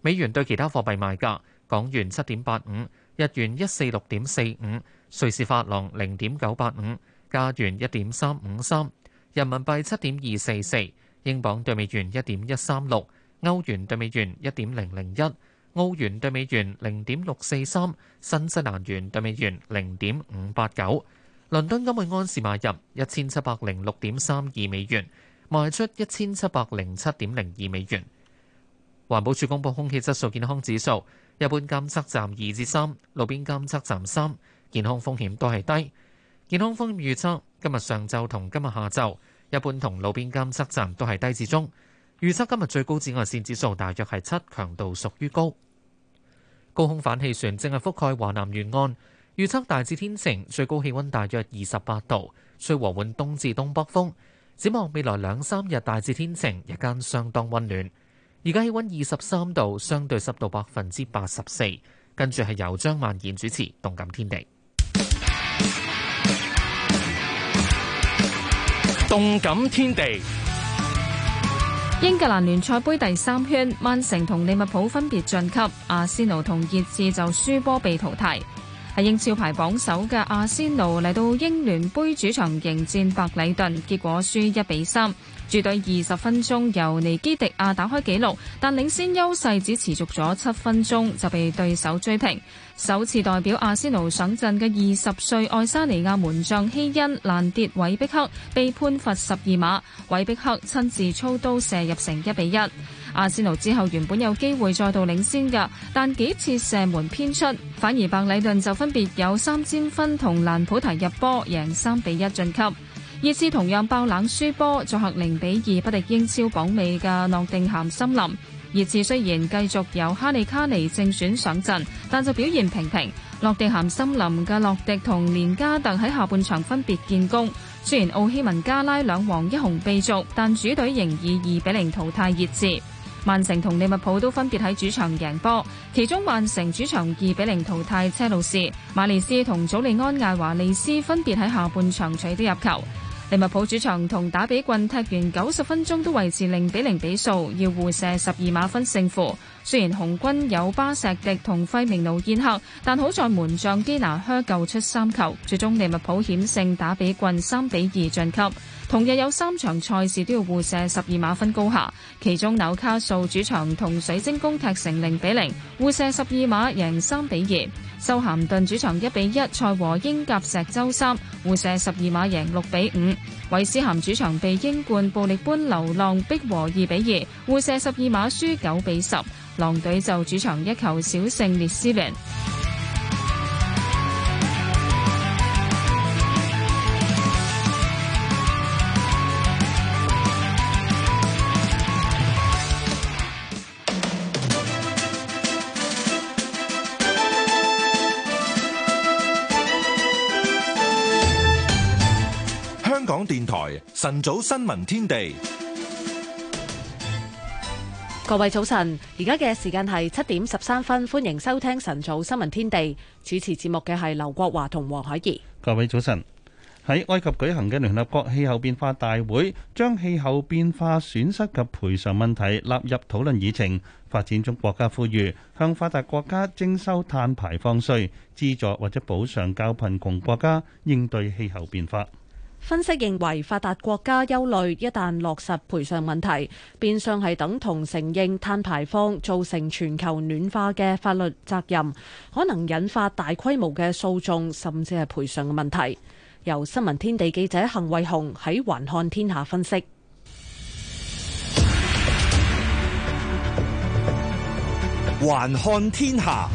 美元對其他貨幣賣價：港元七點八五，日元一四六點四五，瑞士法郎零點九八五，加元一點三五三。人民幣七點二四四，英鎊對美元一點一三六，歐元對美元一點零零一，澳元對美元零點六四三，新西蘭元對美元零點五八九。倫敦金每安士買入一千七百零六點三二美元，賣出一千七百零七點零二美元。環保署公布空氣質素健康指數，一般監測站二至三，3，路邊監測站三，健康風險都係低。健康風險預測，今日上晝同今日下晝。一般同路邊監測站都係低至中，預測今日最高紫外線指數大約係七，強度屬於高。高空反氣旋正係覆蓋華南沿岸，預測大致天晴，最高氣温大約二十八度，吹和緩東至東北風。展望未來兩三日大致天晴，日間相當温暖。而家氣温二十三度，相對濕度百分之八十四。跟住係由張曼燕主持《動感天地》。動感天地，英格蘭聯賽盃第三圈，曼城同利物浦分別晉級，阿仙奴同熱刺就輸波被淘汰。喺英超排榜首嘅阿仙奴嚟到英聯盃主場迎戰白禮頓，結果輸一比三。主隊二十分鐘由尼基迪亞打開紀錄，但領先優勢只持續咗七分鐘就被對手追平。首次代表阿仙奴上陣嘅二十歲愛沙尼亞門將希恩攔跌韋碧克，被判罰十二碼，韋碧克親自操刀射入成一比一。阿仙奴之後原本有機會再度領先嘅，但幾次射門偏出，反而白禮頓就分別有三笘薰同蘭普提入波，贏三比一晉級。熱刺同樣爆冷輸波，作客零比二不敵英超榜尾嘅諾定咸森林。熱刺雖然繼續由哈利卡尼正選上陣，但就表現平平。諾定咸森林嘅洛迪同連加特喺下半場分別建功。雖然奧希文加拉兩黃一紅被逐，但主隊仍以二比零淘汰熱刺。曼城同利物浦都分別喺主場贏波，其中曼城主場二比零淘汰車路士，馬利斯同祖利安艾華利斯分別喺下半場取得入球。利物浦主場同打比郡踢完九十分鐘都維持零比零比數，要互射十二碼分勝負。雖然紅軍有巴石迪同費明奴宴客，但好在門將基拿靴救出三球，最終利物浦險勝打比郡三比二晉級。同日有三場賽事都要互射十二碼分高下，其中紐卡素主場同水晶宮踢成零比零，互射十二碼贏三比二，修咸頓主場一比一賽和英甲石周三，互射十二碼贏六比五，韋斯咸主場被英冠暴力般流浪逼和二比二，互射十二碼輸九比十，狼隊就主場一球小勝列斯聯。晨早新聞天地，各位早晨，而家嘅時間係七點十三分，歡迎收聽晨早新聞天地。主持節目嘅係劉國華同黃海怡。各位早晨，喺埃及舉行嘅聯合國氣候變化大會，將氣候變化損失及賠償問題納入討論議程。發展中國家呼籲向發達國家徵收碳排放稅，資助或者補償較貧窮國家應對氣候變化。分析認為，發達國家憂慮一旦落實賠償問題，變相係等同承認碳排放造成全球暖化嘅法律責任，可能引發大規模嘅訴訟，甚至係賠償嘅問題。由新聞天地記者彭偉雄喺《環看天下》分析，《環看天下》。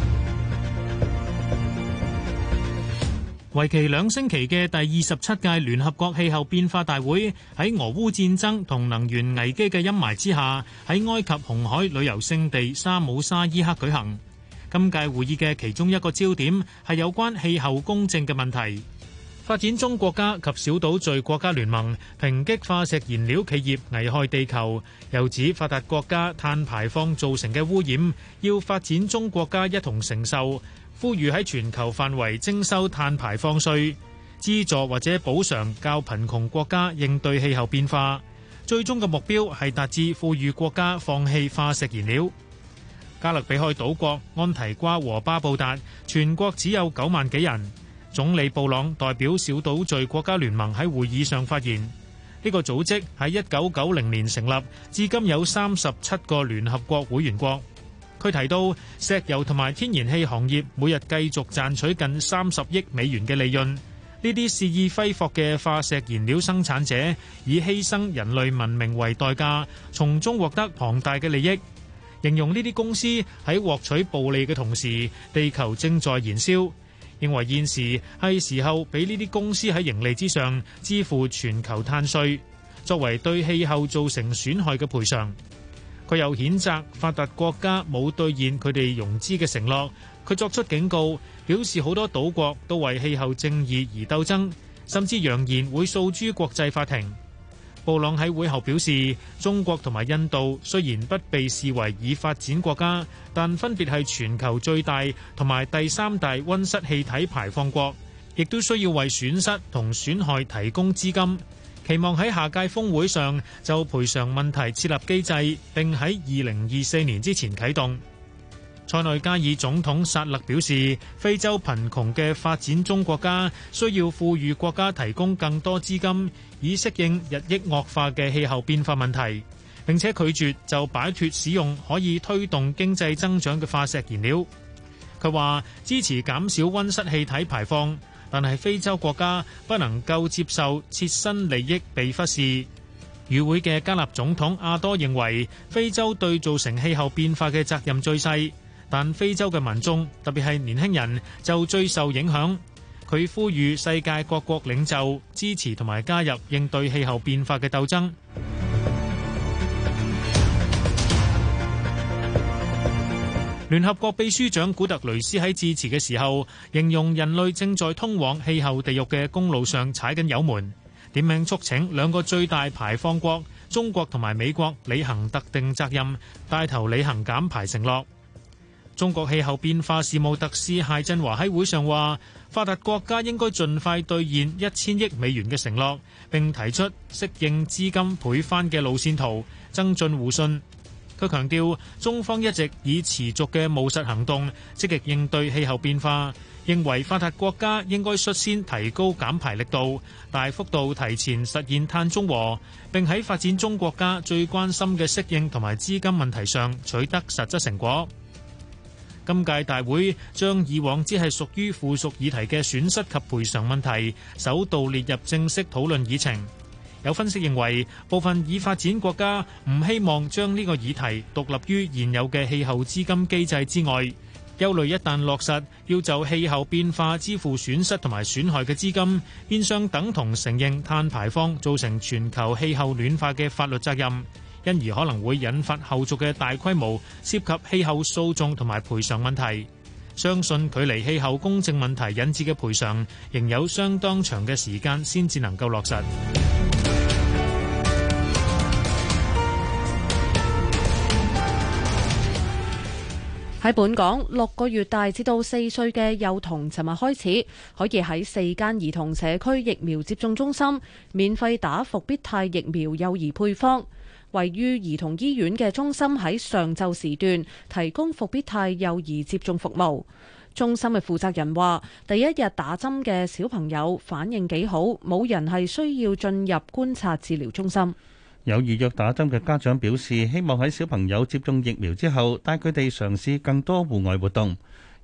為期兩星期嘅第二十七屆聯合國氣候變化大會，喺俄烏戰爭同能源危機嘅陰霾之下，喺埃及紅海旅遊勝地沙姆沙伊克舉行。今屆會議嘅其中一個焦點係有關氣候公正嘅問題。發展中國家及小島嶼國家聯盟抨擊化石燃料企業危害地球，又指發達國家碳排放造成嘅污染，要發展中國家一同承受。呼籲喺全球範圍徵收碳排放稅，資助或者補償較貧窮國家應對氣候變化。最終嘅目標係達至富裕國家放棄化石燃料。加勒比海島國安提瓜和巴布達全國只有九萬幾人，總理布朗代表小島嶼國家聯盟喺會議上發言。呢、這個組織喺一九九零年成立，至今有三十七個聯合國會員國。佢提到，石油同埋天然氣行業每日繼續賺取近三十億美元嘅利潤，呢啲肆意揮霍嘅化石燃料生產者以犧牲人類文明為代價，從中獲得龐大嘅利益，形容呢啲公司喺獲取暴利嘅同時，地球正在燃燒，認為現時係時候俾呢啲公司喺盈利之上支付全球碳稅，作為對氣候造成損害嘅賠償。佢又譴責發達國家冇兌現佢哋融資嘅承諾，佢作出警告，表示好多島國都為氣候正義而鬥爭，甚至揚言會訴諸國際法庭。布朗喺會後表示，中國同埋印度雖然不被視為已發展國家，但分別係全球最大同埋第三大温室氣體排放國，亦都需要為損失同損害提供資金。期望喺下屆峰會上就賠償問題設立機制，並喺二零二四年之前啟動。塞內加爾總統薩勒表示，非洲貧窮嘅發展中國家需要富裕國家提供更多資金，以適應日益惡化嘅氣候變化問題，並且拒絕就擺脱使用可以推動經濟增長嘅化石燃料。佢話支持減少温室氣體排放。但係非洲國家不能夠接受切身利益被忽視。與會嘅加納總統阿多認為，非洲對造成氣候變化嘅責任最細，但非洲嘅民眾，特別係年輕人，就最受影響。佢呼籲世界各國領袖支持同埋加入應對氣候變化嘅鬥爭。聯合國秘書長古特雷斯喺致辭嘅時候，形容人類正在通往氣候地獄嘅公路上踩緊油門，點名促請兩個最大排放國中國同埋美國履行特定責任，帶頭履行減排承諾。中國氣候變化事務特使解振華喺會上話：發達國家應該盡快兌現一千億美元嘅承諾，並提出適應資金倍翻嘅路線圖，增進互信。佢強調，中方一直以持續嘅務實行動積極應對氣候變化，認為發達國家應該率先提高減排力度，大幅度提前實現碳中和，並喺發展中國家最關心嘅適應同埋資金問題上取得實質成果。今屆大會將以往只係屬於附屬議題嘅損失及賠償問題，首度列入正式討論議程。有分析認為，部分已發展國家唔希望將呢個議題獨立於現有嘅氣候資金機制之外，憂慮一旦落實，要就氣候變化支付損失同埋損害嘅資金，變相等同承認碳排放造成全球氣候暖化嘅法律責任，因而可能會引發後續嘅大規模涉及氣候訴訟同埋賠償問題，相信距離氣候公正問題引致嘅賠償仍有相當長嘅時間先至能夠落實。喺本港六個月大至到四歲嘅幼童，尋日開始可以喺四間兒童社區疫苗接種中心免費打復必泰疫苗幼兒配方。位於兒童醫院嘅中心喺上晝時段提供復必泰幼兒接種服務。中心嘅負責人話：第一日打針嘅小朋友反應幾好，冇人係需要進入觀察治療中心。有預約打針嘅家長表示，希望喺小朋友接種疫苗之後，帶佢哋嘗試更多戶外活動。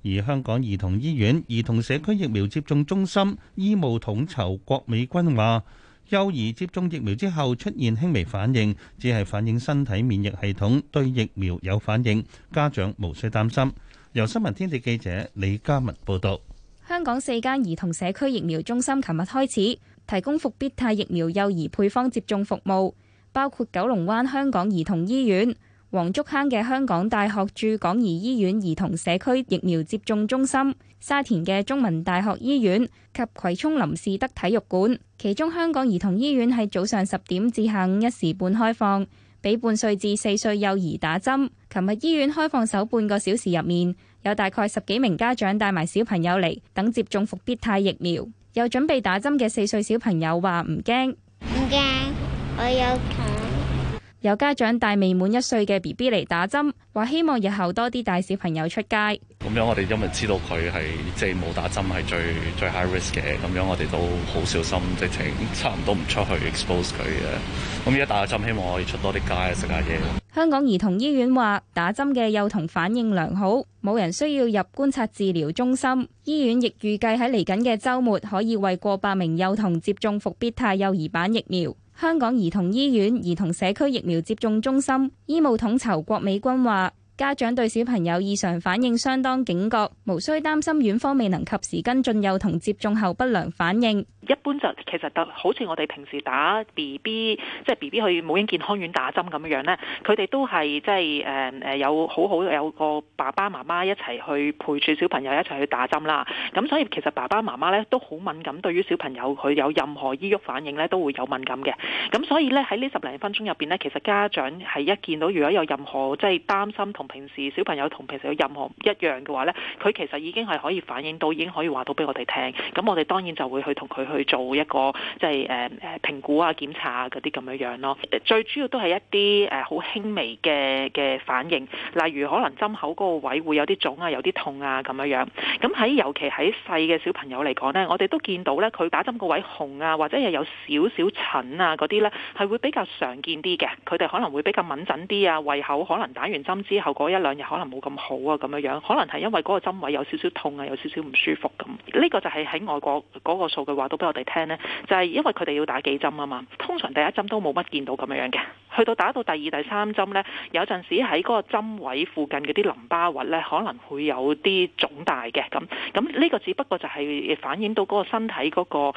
而香港兒童醫院兒童社區疫苗接種中心醫務統籌郭美君話，幼兒接種疫苗之後出現輕微反應，只係反映身體免疫系統對疫苗有反應，家長無需擔心。由新聞天地記者李嘉文報道。香港四間兒童社區疫苗中心琴日開始提供復必泰疫苗幼兒配方接種服務。包括九龍灣香港兒童醫院、黃竹坑嘅香港大學駐港兒醫院兒童社區疫苗接種中心、沙田嘅中文大學醫院及葵涌林士德體育館。其中，香港兒童醫院喺早上十點至下午一時半開放，俾半歲至四歲幼兒打針。琴日醫院開放首半個小時入面，有大概十幾名家長帶埋小朋友嚟，等接種復必泰疫苗，有準備打針嘅四歲小朋友話唔驚，唔驚。我有糖，有家長帶未滿一歲嘅 B B 嚟打針，話希望日後多啲帶小朋友出街。咁樣我哋因為知道佢係即係冇打針係最最 high risk 嘅，咁樣我哋都好小心，即係差唔多唔出去 expose 佢嘅。咁而家打咗針，希望可以出多啲街，食下嘢。香港兒童醫院話，打針嘅幼童反應良好，冇人需要入觀察治療中心。醫院亦預計喺嚟緊嘅周末可以為過百名幼童接種伏必泰幼兒版疫苗。香港兒童醫院兒童社區疫苗接種中心醫務統籌郭美君話：家長對小朋友異常反應相當警覺，無需擔心院方未能及時跟進幼童接種後不良反應。一般就其實就好似我哋平時打 B B，即係 B B 去母嬰健康院打針咁樣樣咧，佢哋都係即係誒誒有好好有個爸爸媽媽一齊去陪住小朋友一齊去打針啦。咁所以其實爸爸媽媽咧都好敏感，對於小朋友佢有任何依鬱反應咧都會有敏感嘅。咁所以咧喺呢十零分鐘入邊咧，其實家長係一見到如果有任何即係擔心同平時小朋友同平時有任何唔一樣嘅話咧，佢其實已經係可以反映到，已經可以話到俾我哋聽，咁我哋當然就會去同佢。去做一個即係誒誒評估啊、檢查啊嗰啲咁樣樣咯。最主要都係一啲誒好輕微嘅嘅反應，例如可能針口嗰個位會有啲腫啊、有啲痛啊咁樣樣。咁喺尤其喺細嘅小朋友嚟講呢，我哋都見到呢，佢打針個位紅啊，或者又有少少疹啊嗰啲呢，係會比較常見啲嘅。佢哋可能會比較敏感啲啊，胃口可能打完針之後嗰一兩日可能冇咁好啊咁樣樣，可能係因為嗰個針位有少少痛啊，有少少唔舒服咁。呢個就係喺外國嗰個數據話都俾我哋聽呢，就係因為佢哋要打幾針啊嘛。通常第一針都冇乜見到咁樣樣嘅，去到打到第二、第三針呢，有陣時喺嗰個針位附近嗰啲淋巴核呢，可能會有啲腫大嘅。咁咁呢個只不過就係反映到嗰個身體嗰個誒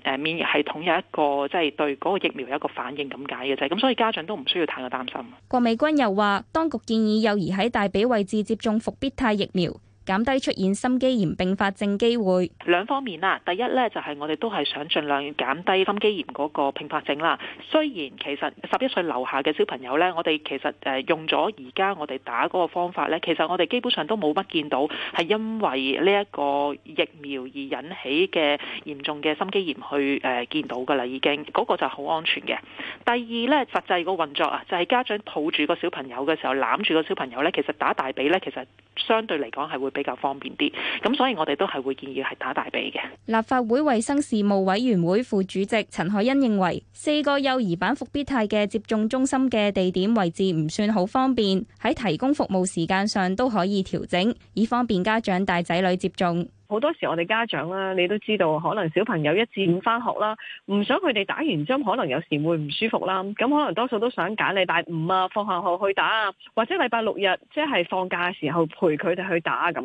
誒免疫系統有一個即係對嗰個疫苗有一個反應咁解嘅。就係咁。咁所以家長都唔需要太過擔心。郭美君又話，當局建議幼兒喺大髀位置接種復必泰疫苗。減低出現心肌炎併發症機會，兩方面啦。第一呢就係、是、我哋都係想盡量減低心肌炎嗰個併發症啦。雖然其實十一歲樓下嘅小朋友呢，我哋其實誒用咗而家我哋打嗰個方法呢，其實我哋基本上都冇乜見到係因為呢一個疫苗而引起嘅嚴重嘅心肌炎去誒見到噶啦，已經嗰、那個就好安全嘅。第二呢，實際個運作啊，就係家長抱住個小朋友嘅時候攬住個小朋友呢，其實打大髀呢，其實相對嚟講係會。比較方便啲，咁所以我哋都係會建議係打大髀嘅。立法會衛生事務委員會副主席陳凱欣認為，四個幼兒版復必泰嘅接種中心嘅地點位置唔算好方便，喺提供服務時間上都可以調整，以方便家長帶仔女接種。好多時我哋家長啦，你都知道可能小朋友一至五翻學啦，唔想佢哋打完針可能有時會唔舒服啦，咁可能多數都想揀禮拜五啊放學後去打啊，或者禮拜六日即係、就是、放假嘅時候陪佢哋去打咁，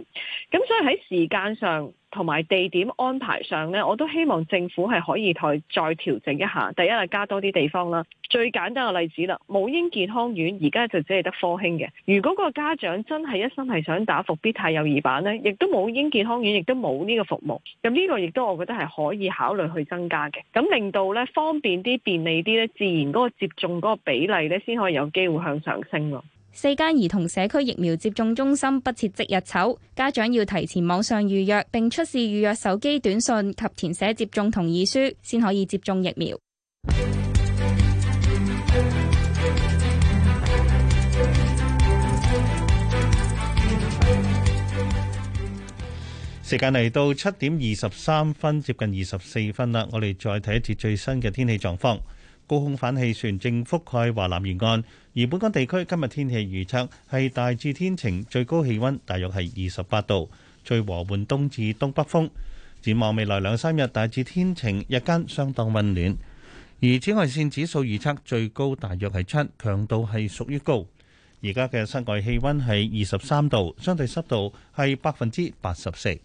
咁所以喺時間上。同埋地點安排上呢，我都希望政府係可以再再調整一下。第一係加多啲地方啦。最簡單嘅例子啦，母嬰，母嬰健康院，而家就只係得科興嘅。如果個家長真係一心係想打復必泰幼兒版呢，亦都母嬰健康院，亦都冇呢個服務，咁呢個亦都我覺得係可以考慮去增加嘅。咁令到呢方便啲、便利啲呢，自然嗰個接種嗰個比例呢，先可以有機會向上升咯。四間兒童社區疫苗接種中心不設即日籌，家長要提前網上預約，並出示預約手機短信及填寫接種同意書，先可以接種疫苗。時間嚟到七點二十三分，接近二十四分啦。我哋再睇一次最新嘅天氣狀況，高空反氣旋正覆蓋華南沿岸。而本港地區今日天氣預測係大致天晴，最高氣溫大約係二十八度，最和緩東至東北風，展望未來兩三日大致天晴，日間相當溫暖，而紫外線指數預測最高大約係七，強度係屬於高。而家嘅室外氣溫係二十三度，相對濕度係百分之八十四。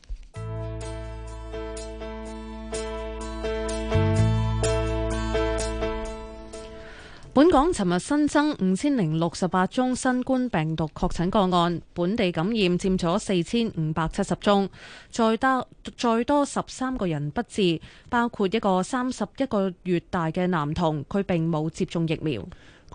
本港尋日新增五千零六十八宗新冠病毒確診個案，本地感染佔咗四千五百七十宗，再得再多十三個人不治，包括一個三十一個月大嘅男童，佢並冇接種疫苗。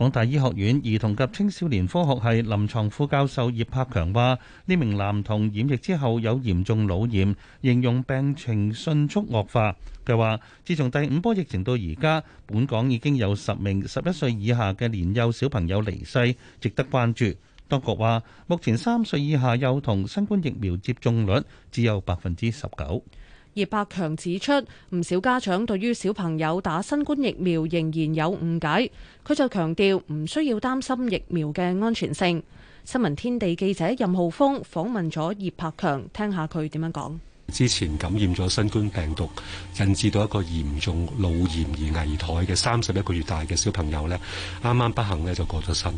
港大醫學院兒童及青少年科學系臨床副教授葉柏強話：呢名男童染疫之後有嚴重腦炎，形容病情迅速惡化。佢話：自從第五波疫情到而家，本港已經有十名十一歲以下嘅年幼小朋友離世，值得關注。當局話，目前三歲以下幼童新冠疫苗接種率只有百分之十九。葉柏強指出，唔少家長對於小朋友打新冠疫苗仍然有誤解，佢就強調唔需要擔心疫苗嘅安全性。新聞天地記者任浩峰訪問咗葉柏強，聽下佢點樣講。之前感染咗新冠病毒，引致到一個嚴重腦炎而危殆嘅三十一個月大嘅小朋友咧，啱啱不幸咧就過咗身，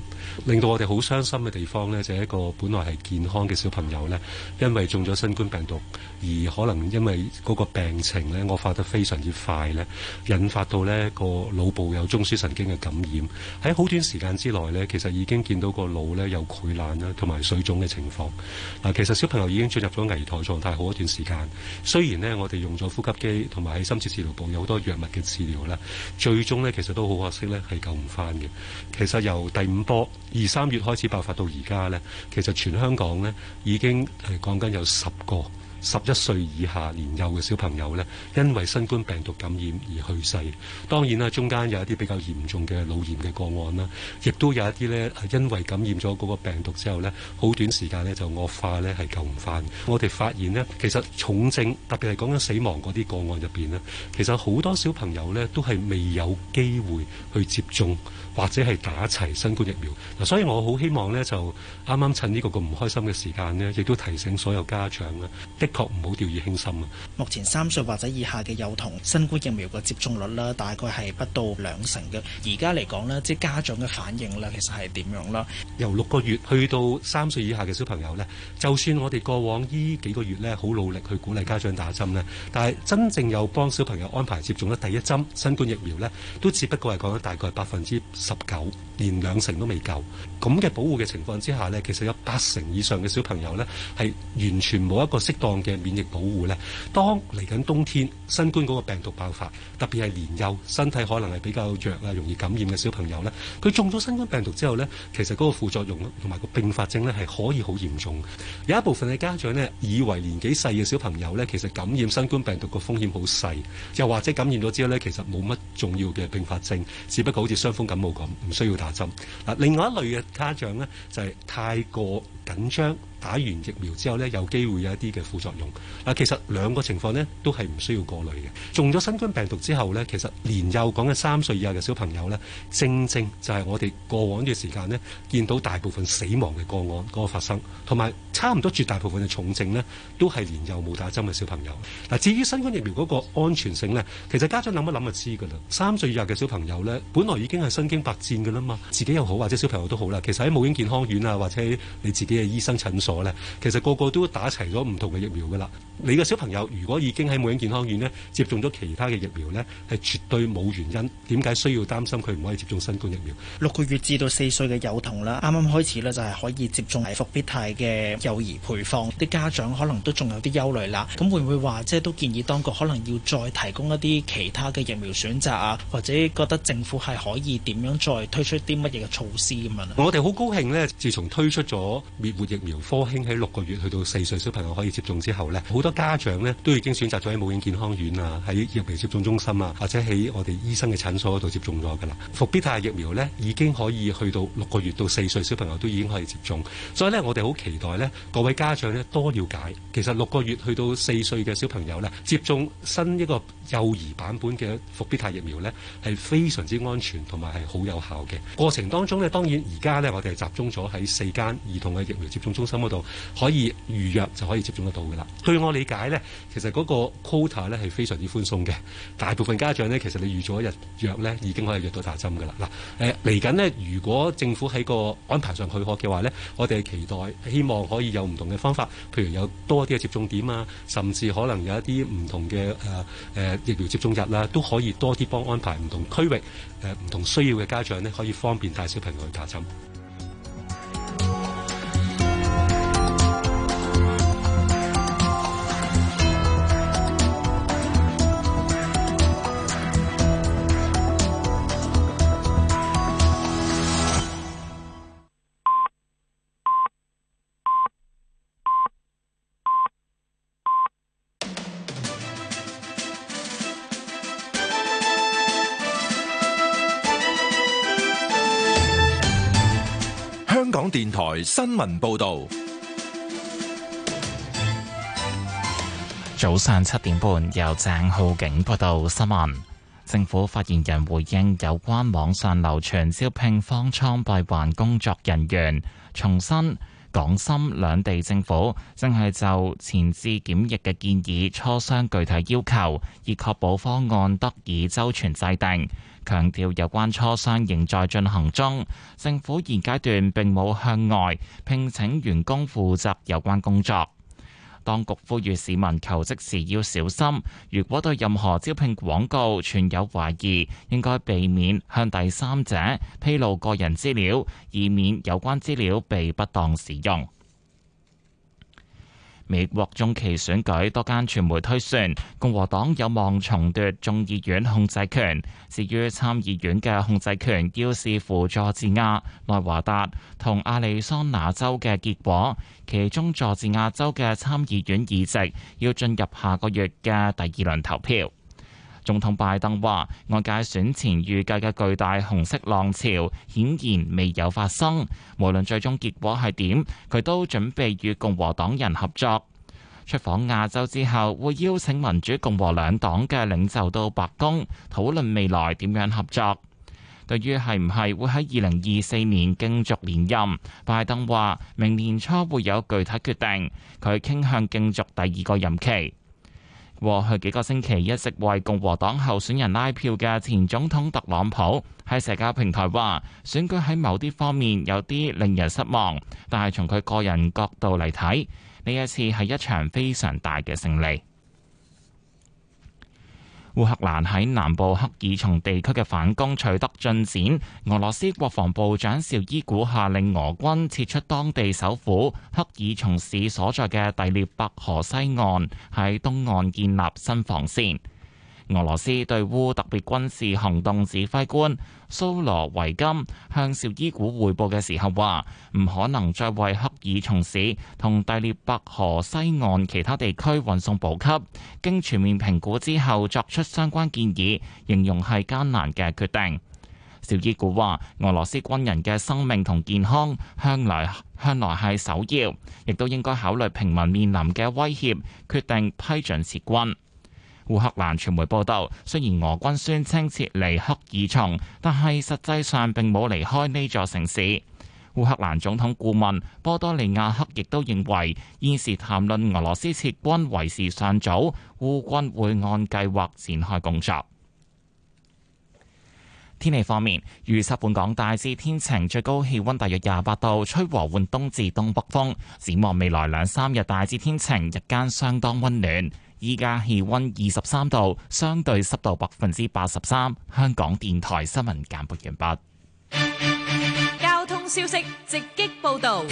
令到我哋好傷心嘅地方咧，就係一個本來係健康嘅小朋友咧，因為中咗新冠病毒，而可能因為嗰個病情咧惡化得非常之快咧，引發到咧個腦部有中樞神經嘅感染，喺好短時間之內咧，其實已經見到個腦咧有潰爛啦，同埋水腫嘅情況。嗱，其實小朋友已經進入咗危殆狀態好一段時間。雖然咧，我哋用咗呼吸機，同埋喺深切治療部有好多藥物嘅治療啦，最終呢其實都好可惜呢係救唔翻嘅。其實由第五波二三月開始爆發到而家呢，其實全香港呢已經係講緊有十個十一歲以下年幼嘅小朋友呢，因為新冠病毒感染而去世。當然啦，中間有一啲比較嚴重嘅腦炎嘅個案啦，亦都有一啲呢，因為感染咗嗰個病毒之後呢，好短時間呢就惡化呢，係救唔翻。我哋發現呢，其實重症特別係講緊死亡嗰啲個案入邊呢，其實好多小朋友呢都係未有機會去接種或者係打齊新冠疫苗。嗱，所以我好希望呢，就啱啱趁呢個咁唔開心嘅時間呢，亦都提醒所有家長咧，確唔好掉以輕心啊！目前三歲或者以下嘅幼童新冠疫苗嘅接種率咧，大概係不到兩成嘅。而家嚟講呢，即係家長嘅反應咧，其實係點樣啦？由六個月去到三歲以下嘅小朋友咧，就算我哋過往依幾個月咧，好努力去鼓勵家長打針咧，但係真正有幫小朋友安排接種咗第一針新冠疫苗咧，都只不過係講咗大概百分之十九，連兩成都未夠。咁嘅保護嘅情況之下咧，其實有八成以上嘅小朋友咧，係完全冇一個適當。嘅免疫保護呢，當嚟緊冬天，新冠嗰個病毒爆發，特別係年幼身體可能係比較弱啊，容易感染嘅小朋友呢，佢中咗新冠病毒之後呢，其實嗰個副作用同埋個併發症呢係可以好嚴重。有一部分嘅家長呢，以為年紀細嘅小朋友呢，其實感染新冠病毒個風險好細，又或者感染咗之後呢，其實冇乜重要嘅併發症，只不過好似傷風感冒咁，唔需要打針。嗱，另外一類嘅家長呢，就係太過。緊張打完疫苗之後呢，有機會有一啲嘅副作用。嗱，其實兩個情況呢，都係唔需要過濾嘅。中咗新冠病毒之後呢，其實年幼講緊三歲以下嘅小朋友呢，正正就係我哋過往段時間呢，見到大部分死亡嘅個案嗰、那個發生，同埋差唔多絕大部分嘅重症呢，都係年幼冇打針嘅小朋友。嗱，至於新冠疫苗嗰個安全性呢，其實家長諗一諗就知㗎啦。三歲以下嘅小朋友呢，本來已經係身經百戰㗎啦嘛，自己又好或者小朋友都好啦。其實喺母嬰健康院啊，或者你自己。嘅醫生診所呢，其實個個都打齊咗唔同嘅疫苗噶啦。你嘅小朋友如果已經喺母嬰健康院呢，接種咗其他嘅疫苗呢，係絕對冇原因點解需要擔心佢唔可以接種新冠疫苗。六個月至到四歲嘅幼童啦，啱啱開始呢，就係可以接種復必泰嘅幼兒配方。啲家長可能都仲有啲憂慮啦，咁會唔會話即係都建議當局可能要再提供一啲其他嘅疫苗選擇啊？或者覺得政府係可以點樣再推出啲乜嘢嘅措施咁樣？我哋好高興呢，自從推出咗。滅活疫苗科興喺六個月去到四歲小朋友可以接種之後咧，好多家長咧都已經選擇咗喺母嬰健康院啊，喺疫苗接種中心啊，或者喺我哋醫生嘅診所度接種咗㗎啦。復必泰疫苗咧已經可以去到六個月到四歲小朋友都已經可以接種，所以咧我哋好期待咧各位家長咧多了解，其實六個月去到四歲嘅小朋友咧接種新一個幼兒版本嘅復必泰疫苗呢，係非常之安全同埋係好有效嘅。過程當中呢，當然而家呢，我哋係集中咗喺四間兒童嘅疫苗接種中心嗰度，可以預約就可以接種得到㗎喇。據我理解呢，其實嗰個 quota 呢係非常之寬鬆嘅。大部分家長呢，其實你預咗一日約呢，已經可以約到打針㗎喇。嗱、呃，誒嚟緊呢，如果政府喺個安排上許可嘅話呢，我哋係期待希望可以有唔同嘅方法，譬如有多啲嘅接種點啊，甚至可能有一啲唔同嘅誒誒。呃呃疫苗接種日啦，都可以多啲幫安排唔同區域，誒，唔同需要嘅家長咧，可以方便帶小朋友去打針。新聞報道，早上七點半由鄭浩景報道新聞。政府發言人回應有關網上流傳招聘方艙閉環工作人員，重申港深兩地政府正係就前置檢疫嘅建議磋商具體要求，以確保方案得以周全制定。強調有關磋商仍在進行中，政府現階段並冇向外聘請員工負責有關工作。當局呼籲市民求職時要小心，如果對任何招聘廣告存有懷疑，應該避免向第三者披露個人資料，以免有關資料被不當使用。美國中期選舉，多間傳媒推算，共和黨有望重奪眾議院控制權。至於參議院嘅控制權，要視乎佐治亞、內華達同亞利桑那州嘅結果，其中佐治亞州嘅參議院議席要進入下個月嘅第二輪投票。總統拜登話：外界選前預計嘅巨大紅色浪潮顯然未有發生。無論最終結果係點，佢都準備與共和黨人合作。出訪亞洲之後，會邀請民主共和兩黨嘅領袖到白宮討論未來點樣合作。對於係唔係會喺二零二四年競逐連任，拜登話明年初會有具體決定。佢傾向競逐第二個任期。過去幾個星期一直為共和黨候選人拉票嘅前總統特朗普喺社交平台話：選舉喺某啲方面有啲令人失望，但係從佢個人角度嚟睇，呢一次係一場非常大嘅勝利。烏克蘭喺南部克爾松地區嘅反攻取得進展，俄羅斯國防部長紹伊古下令俄軍撤出當地首府克爾松市所在嘅第涅伯河西岸，喺東岸建立新防線。俄羅斯對烏特別軍事行動指揮官蘇羅維金向紹伊古匯報嘅時候話：唔可能再為克爾松市同第聶伯河西岸其他地區運送補給。經全面評估之後作出相關建議，形容係艱難嘅決定。紹伊古話：俄羅斯軍人嘅生命同健康向來向來係首要，亦都應該考慮平民面臨嘅威脅，決定批准撤軍。烏克蘭傳媒報道，雖然俄軍宣稱撤離克爾松，但係實際上並冇離開呢座城市。烏克蘭總統顧問波多利亞克亦都認為，現時談論俄羅斯撤軍為時尚早，烏軍會按計劃展開工作。天氣方面，預測本港大致天晴，最高氣溫大約廿八度，吹和緩東至東北風。展望未來兩三日，大致天晴，日間相當溫暖。依家氣溫二十三度，相對濕度百分之八十三。香港電台新聞簡報完畢。交通消息直擊報道。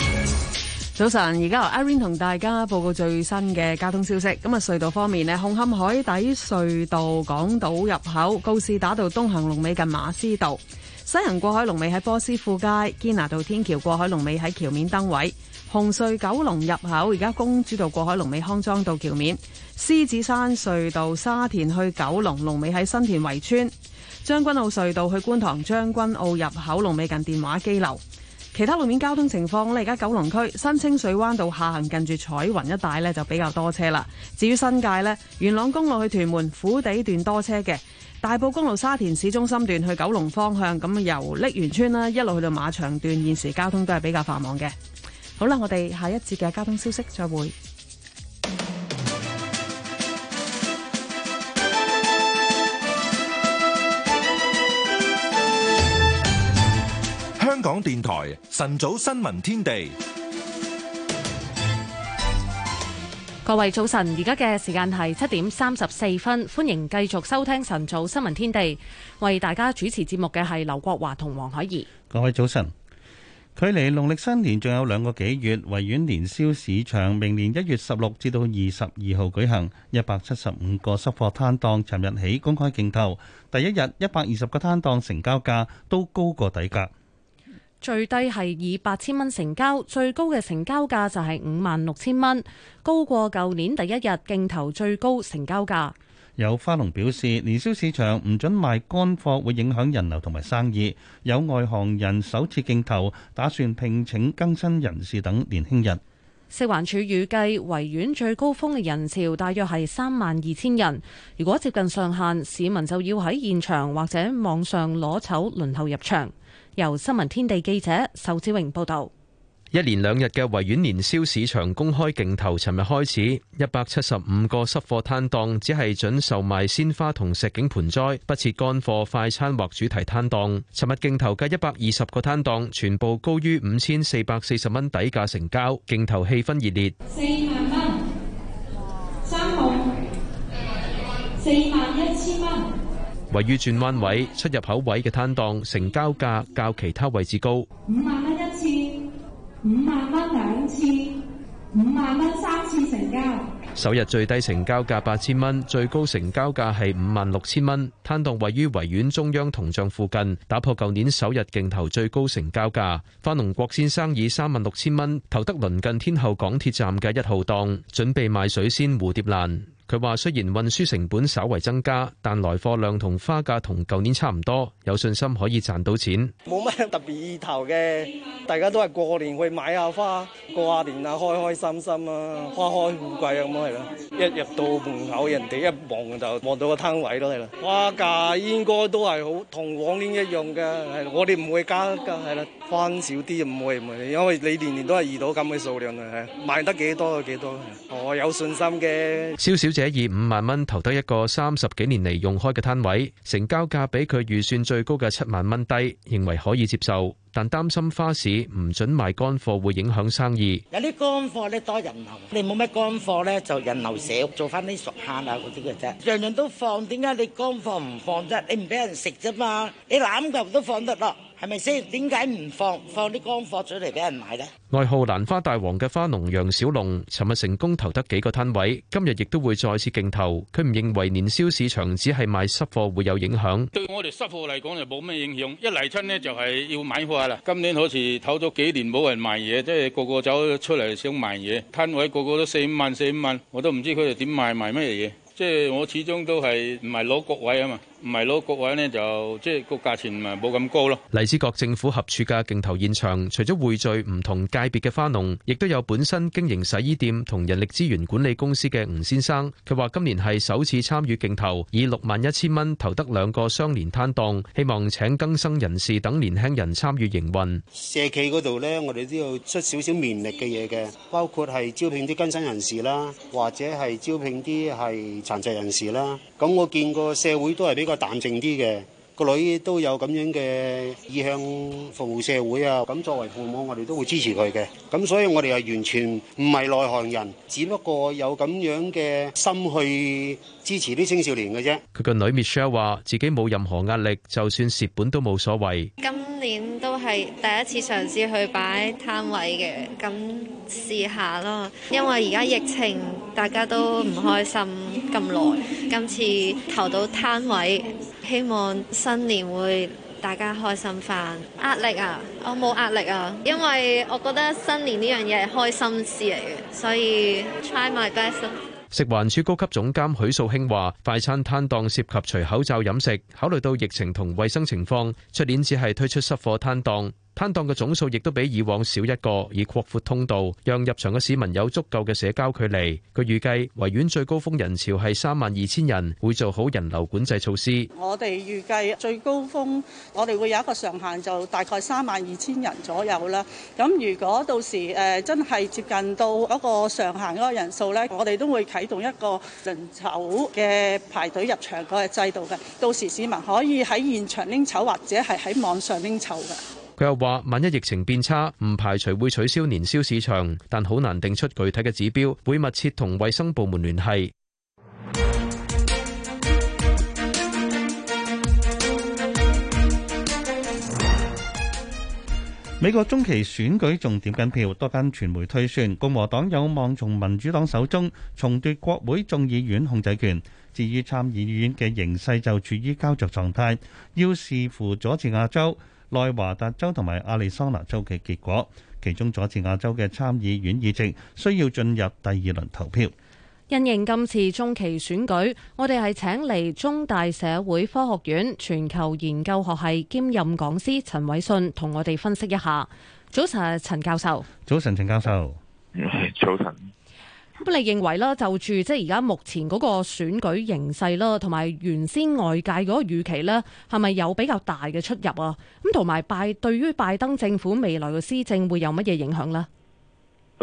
早晨，而家由 Irene 同大家報告最新嘅交通消息。咁啊，隧道方面呢，紅磡海底隧道港島入口、告士打道東行龍尾近馬師道；西行過海龍尾喺波斯富街、堅拿道天橋過海龍尾喺橋面燈位；紅隧九龍入口而家公主道過海龍尾康莊道橋面。獅子山隧道沙田去九龍龍尾喺新田圍村，將軍澳隧道去觀塘將軍澳入口龍尾近電話機樓。其他路面交通情況咧，而家九龍區新清水灣道下行近住彩雲一帶呢就比較多車啦。至於新界呢，元朗公路去屯門虎地段多車嘅，大埔公路沙田市中心段去九龍方向，咁由瀝源村啦一路去到馬場段，現時交通都係比較繁忙嘅。好啦，我哋下一節嘅交通消息，再會。港電台晨早新聞天地，各位早晨，而家嘅時間係七點三十四分，歡迎繼續收聽晨早新聞天地。為大家主持節目嘅係劉國華同黃海怡。各位早晨，距離農曆新年仲有兩個幾月，維園年宵市場明年一月十六至到二十二號舉行，一百七十五個濕貨攤檔，尋日起公開競投，第一日一百二十個攤檔成交價都高過底價。最低係以八千蚊成交，最高嘅成交價就係五萬六千蚊，高過舊年第一日競投最高成交價。有花農表示，年宵市場唔准賣乾貨，會影響人流同埋生意。有外行人首次競投，打算聘請更新人士等年輕人。食環署預計維園最高峰嘅人潮大約係三萬二千人，如果接近上限，市民就要喺現場或者網上攞籌輪候入場。由新聞天地記者仇志榮報道：一連兩日嘅維園年宵市場公開競投，尋日開始，一百七十五個濕貨攤檔只係准售賣鮮花同石景盆栽，不設乾貨、快餐或主題攤檔。尋日競投嘅一百二十個攤檔，全部高於五千四百四十蚊底價成交，競投氣氛熱烈。四萬蚊，三號，四萬一千蚊。位於轉彎位、出入口位嘅攤檔成交價較其他位置高，五萬蚊一次，五萬蚊兩次，五萬蚊三次成交。首日最低成交價八千蚊，最高成交價係五萬六千蚊。攤檔位於維園中央銅像附近，打破舊年首日競投最高成交價。花農郭先生以三萬六千蚊投得鄰近天后港鐵站嘅一號檔，準備賣水仙蝴蝶蘭。佢話：雖然運輸成本稍為增加，但來貨量同花價同舊年差唔多，有信心可以賺到錢。冇乜特別意頭嘅，大家都係過年去買下花，過下年啊，開開心心啊，花開富貴咁樣，係啦。一入到門口，人哋一望就望到個攤位都係啦。花價應該都係好同往年一樣嘅，係，我哋唔會加嘅，係啦，翻少啲唔會唔會，因為你年年都係遇到咁嘅數量嘅，賣得幾多就幾多。我有信心嘅。少少。且以五萬蚊投得一個三十幾年嚟用開嘅攤位，成交價比佢預算最高嘅七萬蚊低，認為可以接受，但擔心花市唔准賣乾貨會影響生意。有啲乾貨咧多人流，你冇咩乾貨咧就人流少，做翻啲熟客啊嗰啲嘅啫。樣樣都放，點解你乾貨唔放啫？你唔俾人食啫嘛，你攬頭都放得啦。係咪先？點解唔放放啲乾貨出嚟俾人買呢？外號蘭花大王嘅花農楊小龍，尋日成功投得幾個攤位，今日亦都會再次競投。佢唔認為年宵市場只係賣濕貨會有影響。對我哋濕貨嚟講就冇咩影響，一嚟春呢就係要買貨啦。今年好似唞咗幾年冇人賣嘢，即係個個走出嚟想賣嘢，攤位個個都四五萬四五萬，我都唔知佢哋點賣賣咩嘢。即係我始終都係唔係攞角位啊嘛，唔係攞角位呢就即係個價錢咪冇咁高咯。荔枝角政府合署嘅競投現場，除咗匯聚唔同界別嘅花農，亦都有本身經營洗衣店同人力資源管理公司嘅吳先生。佢話今年係首次參與競投，以六萬一千蚊投得兩個相連攤檔，希望請更生人士等年輕人參與營運。社企嗰度呢，我哋都要出少少綿力嘅嘢嘅，包括係招聘啲更生人士啦，或者係招聘啲係，殘疾人士啦，咁我見個社會都係比較淡靜啲嘅。個女都有咁樣嘅意向服務社會啊，咁作為父母，我哋都會支持佢嘅。咁所以我哋係完全唔係內行人，只不過有咁樣嘅心去。支持啲青少年嘅啫。佢個女 Michelle 話：自己冇任何壓力，就算蝕本都冇所謂。今年都係第一次嘗試去擺攤位嘅，咁試下咯。因為而家疫情大家都唔開心咁耐，今次投到攤位，希望新年會大家開心返。壓力啊，我冇壓力啊，因為我覺得新年呢樣嘢係開心事嚟嘅，所以 try my best。食環署高級總監許素卿話：快餐攤檔涉及除口罩飲食，考慮到疫情同衛生情況，出年只係推出濕貨攤檔。攤檔嘅總數亦都比以往少一個，以擴闊通道，讓入場嘅市民有足夠嘅社交距離。佢預計維園最高峰人潮係三萬二千人，會做好人流管制措施。我哋預計最高峰，我哋會有一個上限，就大概三萬二千人左右啦。咁如果到時誒真係接近到嗰個上限嗰個人數呢，我哋都會啟動一個拎籌嘅排隊入場嗰個制度嘅。到時市民可以喺現場拎籌，或者係喺網上拎籌嘅。佢又話：萬一疫情變差，唔排除會取消年宵市場，但好難定出具體嘅指標，會密切同衛生部門聯繫。美國中期選舉仲點緊票，多間傳媒推算共和黨有望從民主黨手中重奪國會眾議院控制權。至於參議院嘅形勢就處於膠着狀態，要視乎佐治亞州。內華達州同埋亞利桑那州嘅結果，其中佐治亞州嘅參議院議席需要進入第二輪投票。因應今次中期選舉，我哋係請嚟中大社會科學院全球研究學系兼任講師陳偉信，同我哋分析一下。早晨，陳教授。早晨，陳教授。早晨。咁你認為啦，就住即係而家目前嗰個選舉形勢啦，同埋原先外界嗰個預期咧，係咪有比較大嘅出入啊？咁同埋拜對於拜登政府未來嘅施政會有乜嘢影響呢？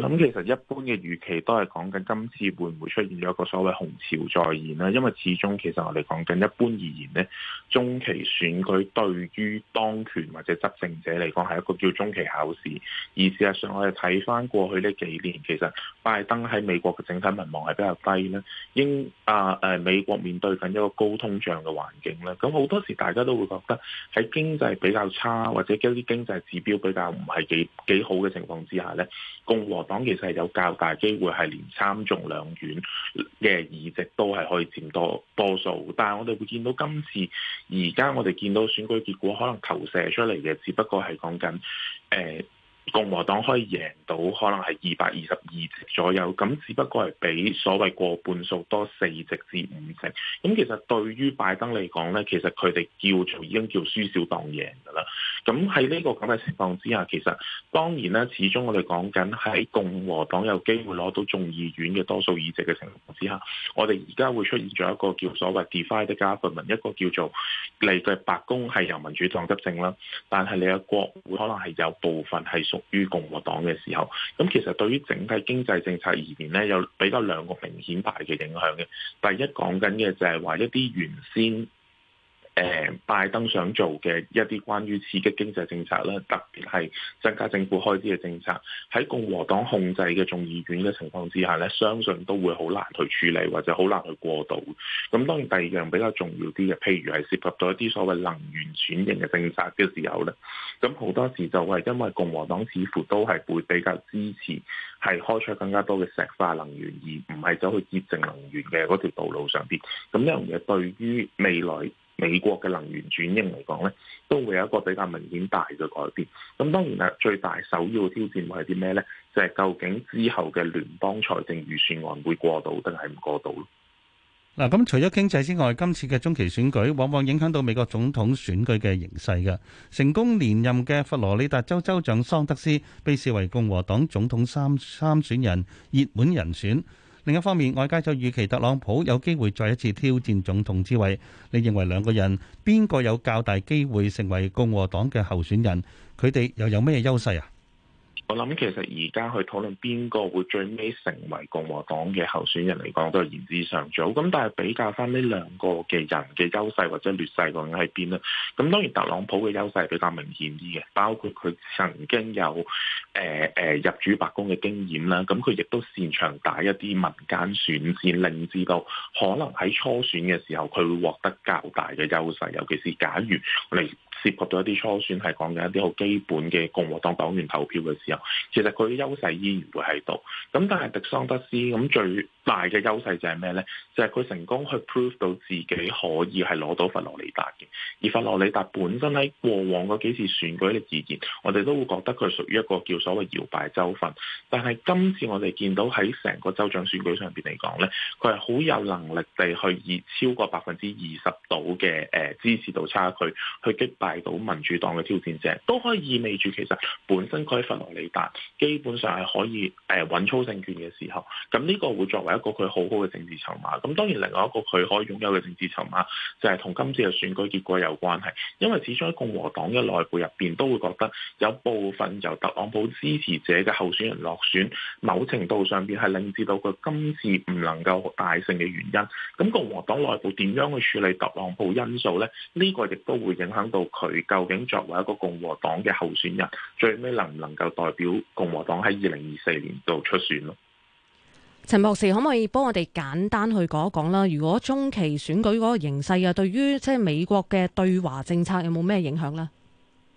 咁、嗯、其實一般嘅預期都係講緊今次會唔會出現咗一個所謂紅潮再現啦，因為始終其實我哋講緊一般而言呢，中期選舉對於當權或者執政者嚟講係一個叫中期考試。而事實上，我哋睇返過去呢幾年，其實拜登喺美國嘅整體民望係比較低啦。英啊誒，美國面對緊一個高通脹嘅環境啦，咁好多時大家都會覺得喺經濟比較差，或者一啲經濟指標比較唔係幾幾好嘅情況之下呢，共和講其實係有較大機會係連參眾兩院嘅議席都係可以占多多數，但係我哋會見到今次而家我哋見到選舉結果可能投射出嚟嘅，只不過係講緊誒。呃共和黨可以贏到可能係二百二十二席左右，咁只不過係比所謂過半數多四席至五席。咁其實對於拜登嚟講咧，其實佢哋叫做已經叫輸少當贏噶啦。咁喺呢個咁嘅情況之下，其實當然啦，始終我哋講緊喺共和黨有機會攞到眾議院嘅多數議席嘅情況之下，我哋而家會出現咗一個叫所謂 divided government，一個叫做嚟嘅白宮係由民主黨執政啦，但係你嘅國會可能係有部分係屬於共和黨嘅時候，咁其實對於整體經濟政策而言咧，有比較兩個明顯大嘅影響嘅。第一講緊嘅就係話一啲原先。誒，拜登想做嘅一啲關於刺激經濟政策啦，特別係增加政府開支嘅政策，喺共和黨控制嘅眾議院嘅情況之下咧，相信都會好難去處理，或者好難去過渡。咁當然第二樣比較重要啲嘅，譬如係涉及到一啲所謂能源轉型嘅政策嘅時候咧，咁好多時就係因為共和黨似乎都係會比較支持係開出更加多嘅石化能源，而唔係走去潔淨能源嘅嗰條道路上邊，咁呢樣嘢對於未來。美國嘅能源轉型嚟講呢都會有一個比較明顯大嘅改變。咁當然啦，最大首要挑戰會係啲咩呢？就係究竟之後嘅聯邦財政預算案會過度定係唔過度嗱，咁除咗經濟之外，今次嘅中期選舉往往影響到美國總統選舉嘅形勢嘅。成功連任嘅佛羅里達州州長桑德斯，被視為共和黨總統參參選人熱門人選。另一方面，外界就預期特朗普有機會再一次挑戰總統之位。你認為兩個人邊個有較大機會成為共和黨嘅候選人？佢哋又有咩優勢啊？我諗其實而家去討論邊個會最尾成為共和黨嘅候選人嚟講，都係言之尚早。咁但係比較翻呢兩個嘅人嘅優勢或者劣勢究竟喺邊呢？咁當然特朗普嘅優勢比較明顯啲嘅，包括佢曾經有誒誒、呃呃、入主白宮嘅經驗啦。咁佢亦都擅長打一啲民間選戰，令至到可能喺初選嘅時候佢會獲得較大嘅優勢。尤其是假如嚟。涉及到一啲初選係講緊一啲好基本嘅共和黨黨員投票嘅時候，其實佢嘅優勢依然會喺度。咁但係迪桑德斯咁最大嘅優勢就係咩呢？就係、是、佢成功去 prove 到自己可以係攞到佛羅里達嘅。而佛羅里達本身喺過往嗰幾次選舉嘅意然，我哋都會覺得佢屬於一個叫所謂搖擺州份。但係今次我哋見到喺成個州長選舉上邊嚟講呢，佢係好有能力地去以超過百分之二十度嘅誒支持度差距去擊敗。大到民主黨嘅挑戰者，都可以意味住其實本身佢喺佛羅里達基本上係可以誒穩操勝券嘅時候，咁呢個會作為一個佢好好嘅政治籌碼。咁當然另外一個佢可以擁有嘅政治籌碼就係同今次嘅選舉結果有關係，因為始終喺共和黨嘅內部入邊都會覺得有部分由特朗普支持者嘅候選人落選，某程度上邊係令至到佢今次唔能夠大勝嘅原因。咁共和黨內部點樣去處理特朗普因素咧？呢個亦都會影響到。佢究竟作為一個共和黨嘅候選人，最尾能唔能夠代表共和黨喺二零二四年度出選咯？陳博士，可唔可以幫我哋簡單去講一講啦？如果中期選舉嗰個形勢啊，對於即係美國嘅對華政策有冇咩影響呢？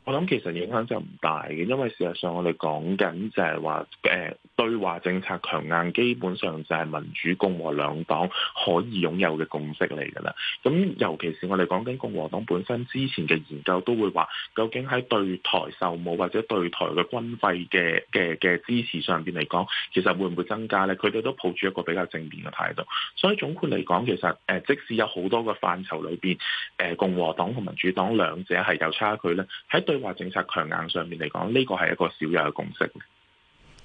我諗其實影響就唔大嘅，因為事實上我哋講緊就係話，誒、呃、對華政策強硬，基本上就係民主共和兩黨可以擁有嘅共識嚟㗎啦。咁尤其是我哋講緊共和黨本身之前嘅研究都會話，究竟喺對台售武或者對台嘅軍費嘅嘅嘅支持上邊嚟講，其實會唔會增加呢？佢哋都抱住一個比較正面嘅態度。所以總括嚟講，其實誒即使有好多個範疇裏邊，誒、呃、共和黨同民主黨兩者係有差距呢。喺即係話政策強硬上面嚟講，呢個係一個少有嘅共識。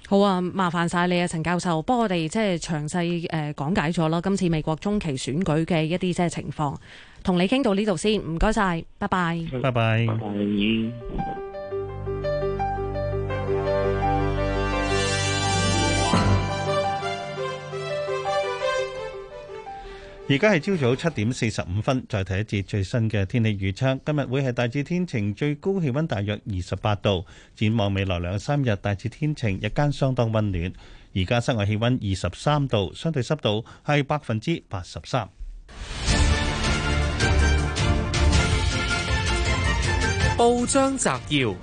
好啊，麻煩晒你啊，陳教授，幫我哋即係詳細誒講解咗啦。今次美國中期選舉嘅一啲即係情況，同你傾到呢度先，唔該晒，拜拜，拜拜，拜拜。拜拜。而家係朝早七點四十五分，再睇一節最新嘅天氣預測。今日會係大致天晴，最高氣溫大約二十八度。展望未來兩三日大致天晴，日間相當溫暖。而家室外氣溫二十三度，相對濕度係百分之八十三。報章摘要：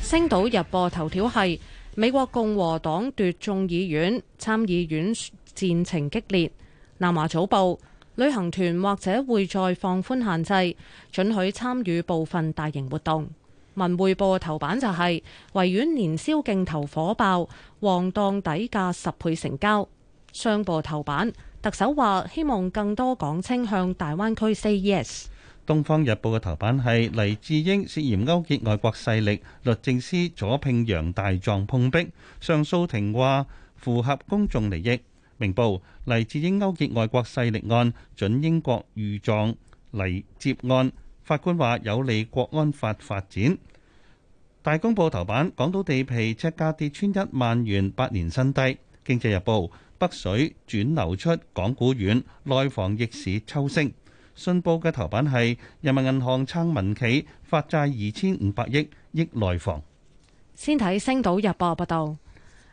星島日報頭條係美國共和黨奪眾議院、參議院。戰情激烈。南華早報，旅行團或者會再放寬限制，准許參與部分大型活動。文匯報頭版就係維園年宵競投火爆，旺檔底價十倍成交。商報頭版特首話希望更多港青向大灣區 say yes。東方日報嘅頭版係黎智英涉嫌勾結外國勢力，律政司阻聘洋大狀碰壁，上訴庭話符合公眾利益。明報，黎智英勾結外國勢力案准英國御狀嚟接案，法官話有利國安法發展。大公報頭版：港島地皮尺價跌穿一萬元，八年新低。經濟日報：北水轉流出，港股軟內房逆市抽升。信報嘅頭版係人民銀行撐民企發債二千五百億，益內房。先睇星島日報報道。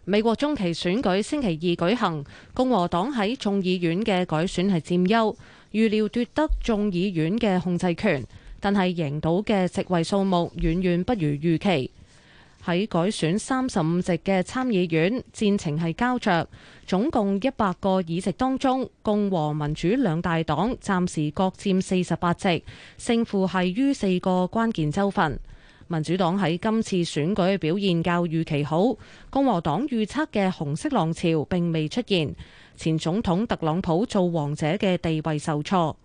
美國中期選舉星期二舉行，共和黨喺眾議院嘅改選係佔優，預料奪得眾議院嘅控制權，但係贏到嘅席位數目遠遠不如預期。喺改選三十五席嘅參議院，戰情係膠着。總共一百個議席當中，共和民主兩大黨暫時各佔四十八席，勝負繫於四個關鍵州份。民主黨喺今次選舉表現較預期好，共和黨預測嘅紅色浪潮並未出現。前總統特朗普做王者嘅地位受挫，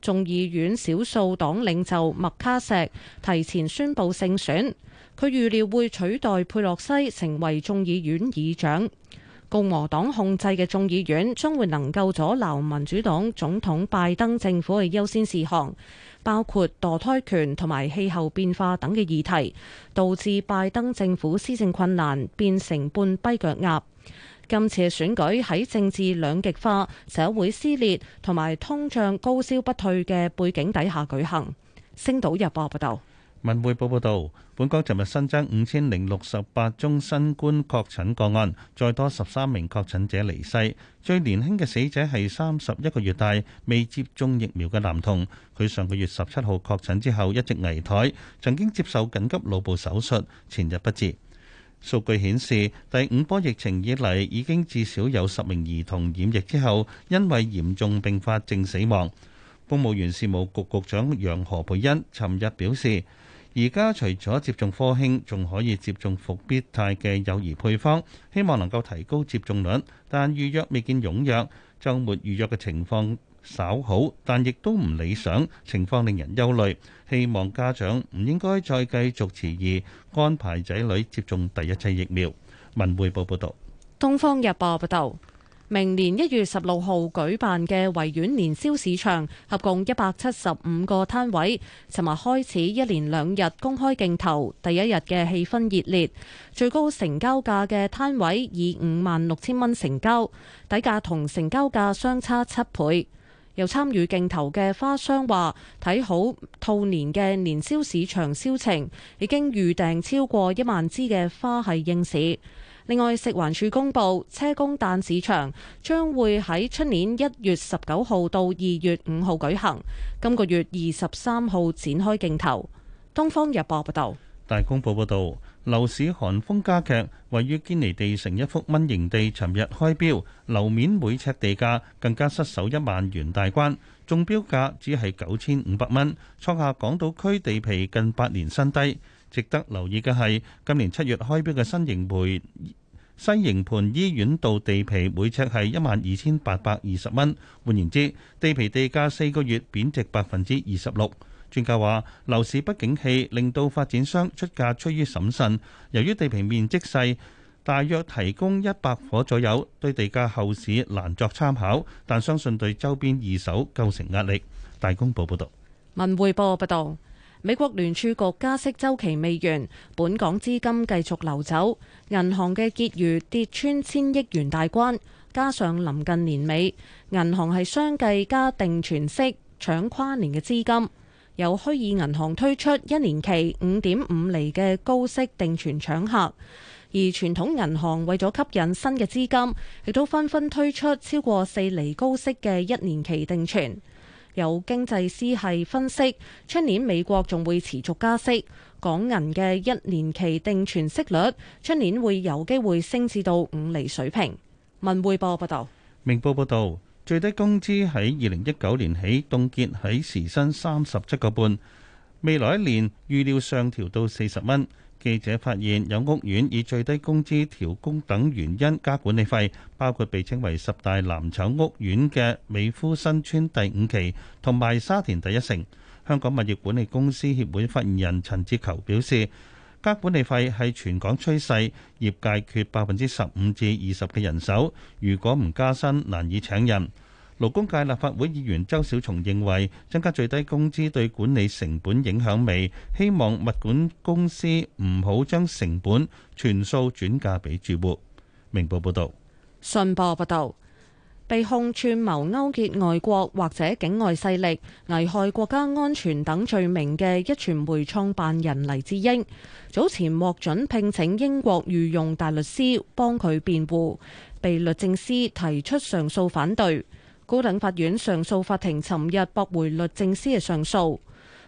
眾議院少數黨領袖麥卡錫提前宣佈勝選，佢預料會取代佩洛西成為眾議院議長。共和黨控制嘅眾議院將會能夠阻撓民主黨總統拜登政府嘅優先事項。包括墮胎權同埋氣候變化等嘅議題，導致拜登政府施政困難，變成半跛腳鴨。今次嘅選舉喺政治兩極化、社會撕裂同埋通脹高燒不退嘅背景底下舉行。星島日報報道。文匯報報道，本港昨日新增五千零六十八宗新冠確診個案，再多十三名確診者離世，最年輕嘅死者係三十一個月大未接種疫苗嘅男童，佢上個月十七號確診之後一直危殆，曾經接受緊急腦部手術，前日不治。數據顯示，第五波疫情以嚟已經至少有十名兒童染疫之後，因為嚴重併發症死亡。公務員事務局局長楊何培恩尋日表示。而家除咗接種科興仲可以接種復必泰嘅幼兒配方，希望能夠提高接種率。但預約未見踴躍，周末預約嘅情況稍好，但亦都唔理想，情況令人憂慮，希望家長唔應該再繼續遲疑安排仔女接種第一劑疫苗。文匯報報道，東方日報報道。明年一月十六號舉辦嘅維園年宵市場，合共一百七十五個攤位，尋日開始一連兩日公開競投，第一日嘅氣氛熱烈，最高成交價嘅攤位以五萬六千蚊成交，底價同成交價相差七倍。有參與競投嘅花商話，睇好兔年嘅年宵市場銷情，已經預訂超過一萬支嘅花系應市。另外，食環署公布車公誕市場將會喺出年一月十九號到二月五號舉行，今個月二十三號展開競投。東方日報報道，大公報報道，樓市寒風加劇，位於堅尼地城一幅蚊型地，尋日開標，樓面每尺地價更加失守一萬元大關，中標價只係九千五百蚊，創下港島區地皮近八年新低。值得留意嘅係，今年七月開標嘅新型盤，西營盤醫院道地皮每尺係一萬二千八百二十蚊。換言之，地皮地價四個月貶值百分之二十六。專家話樓市不景氣令到發展商出價趨於審慎。由於地皮面積細，大約提供一百夥左右，對地價後市難作參考，但相信對周邊二手構成壓力。大公報報道，文匯報報道。美國聯儲局加息周期未完，本港資金繼續流走，銀行嘅結餘跌穿千億元大關，加上臨近年尾，銀行係相繼加定存息搶跨年嘅資金，有虛擬銀行推出一年期五點五厘嘅高息定存搶客，而傳統銀行為咗吸引新嘅資金，亦都紛紛推出超過四厘高息嘅一年期定存。有經濟師係分析，出年美國仲會持續加息，港銀嘅一年期定存息率，出年會有機會升至到五厘水平。文匯報報道：「明報報道，最低工資喺二零一九年起凍結喺時薪三十七個半，未來一年預料上調到四十蚊。記者發現有屋苑以最低工資調工等原因加管理費，包括被稱為十大藍籌屋苑嘅美孚新村第五期同埋沙田第一城。香港物業管理公司協會發言人陳志球表示，加管理費係全港趨勢，業界缺百分之十五至二十嘅人手，如果唔加薪，難以請人。勞工界立法會議員周小松認為，增加最低工資對管理成本影響微，希望物管公司唔好將成本全數轉嫁俾住戶。明報報道，信報報道，被控串謀勾結外國或者境外勢力危害國家安全等罪名嘅壹傳媒創辦人黎智英，早前獲准聘請英國御用大律師幫佢辯護，被律政司提出上訴反對。高等法院上訴法庭尋日駁回律政司嘅上訴。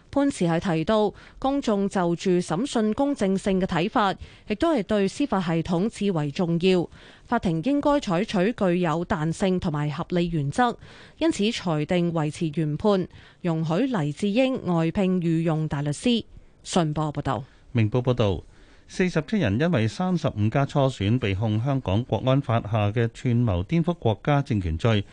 判詞係提到，公眾就住審訊公正性嘅睇法，亦都係對司法系統至為重要。法庭應該採取具有彈性同埋合理原則，因此裁定維持原判，容許黎智英外聘御用大律師。信報報道，明報報道，四十七人因為三十五家初選被控香港國安法下嘅串謀顛覆國家政權罪。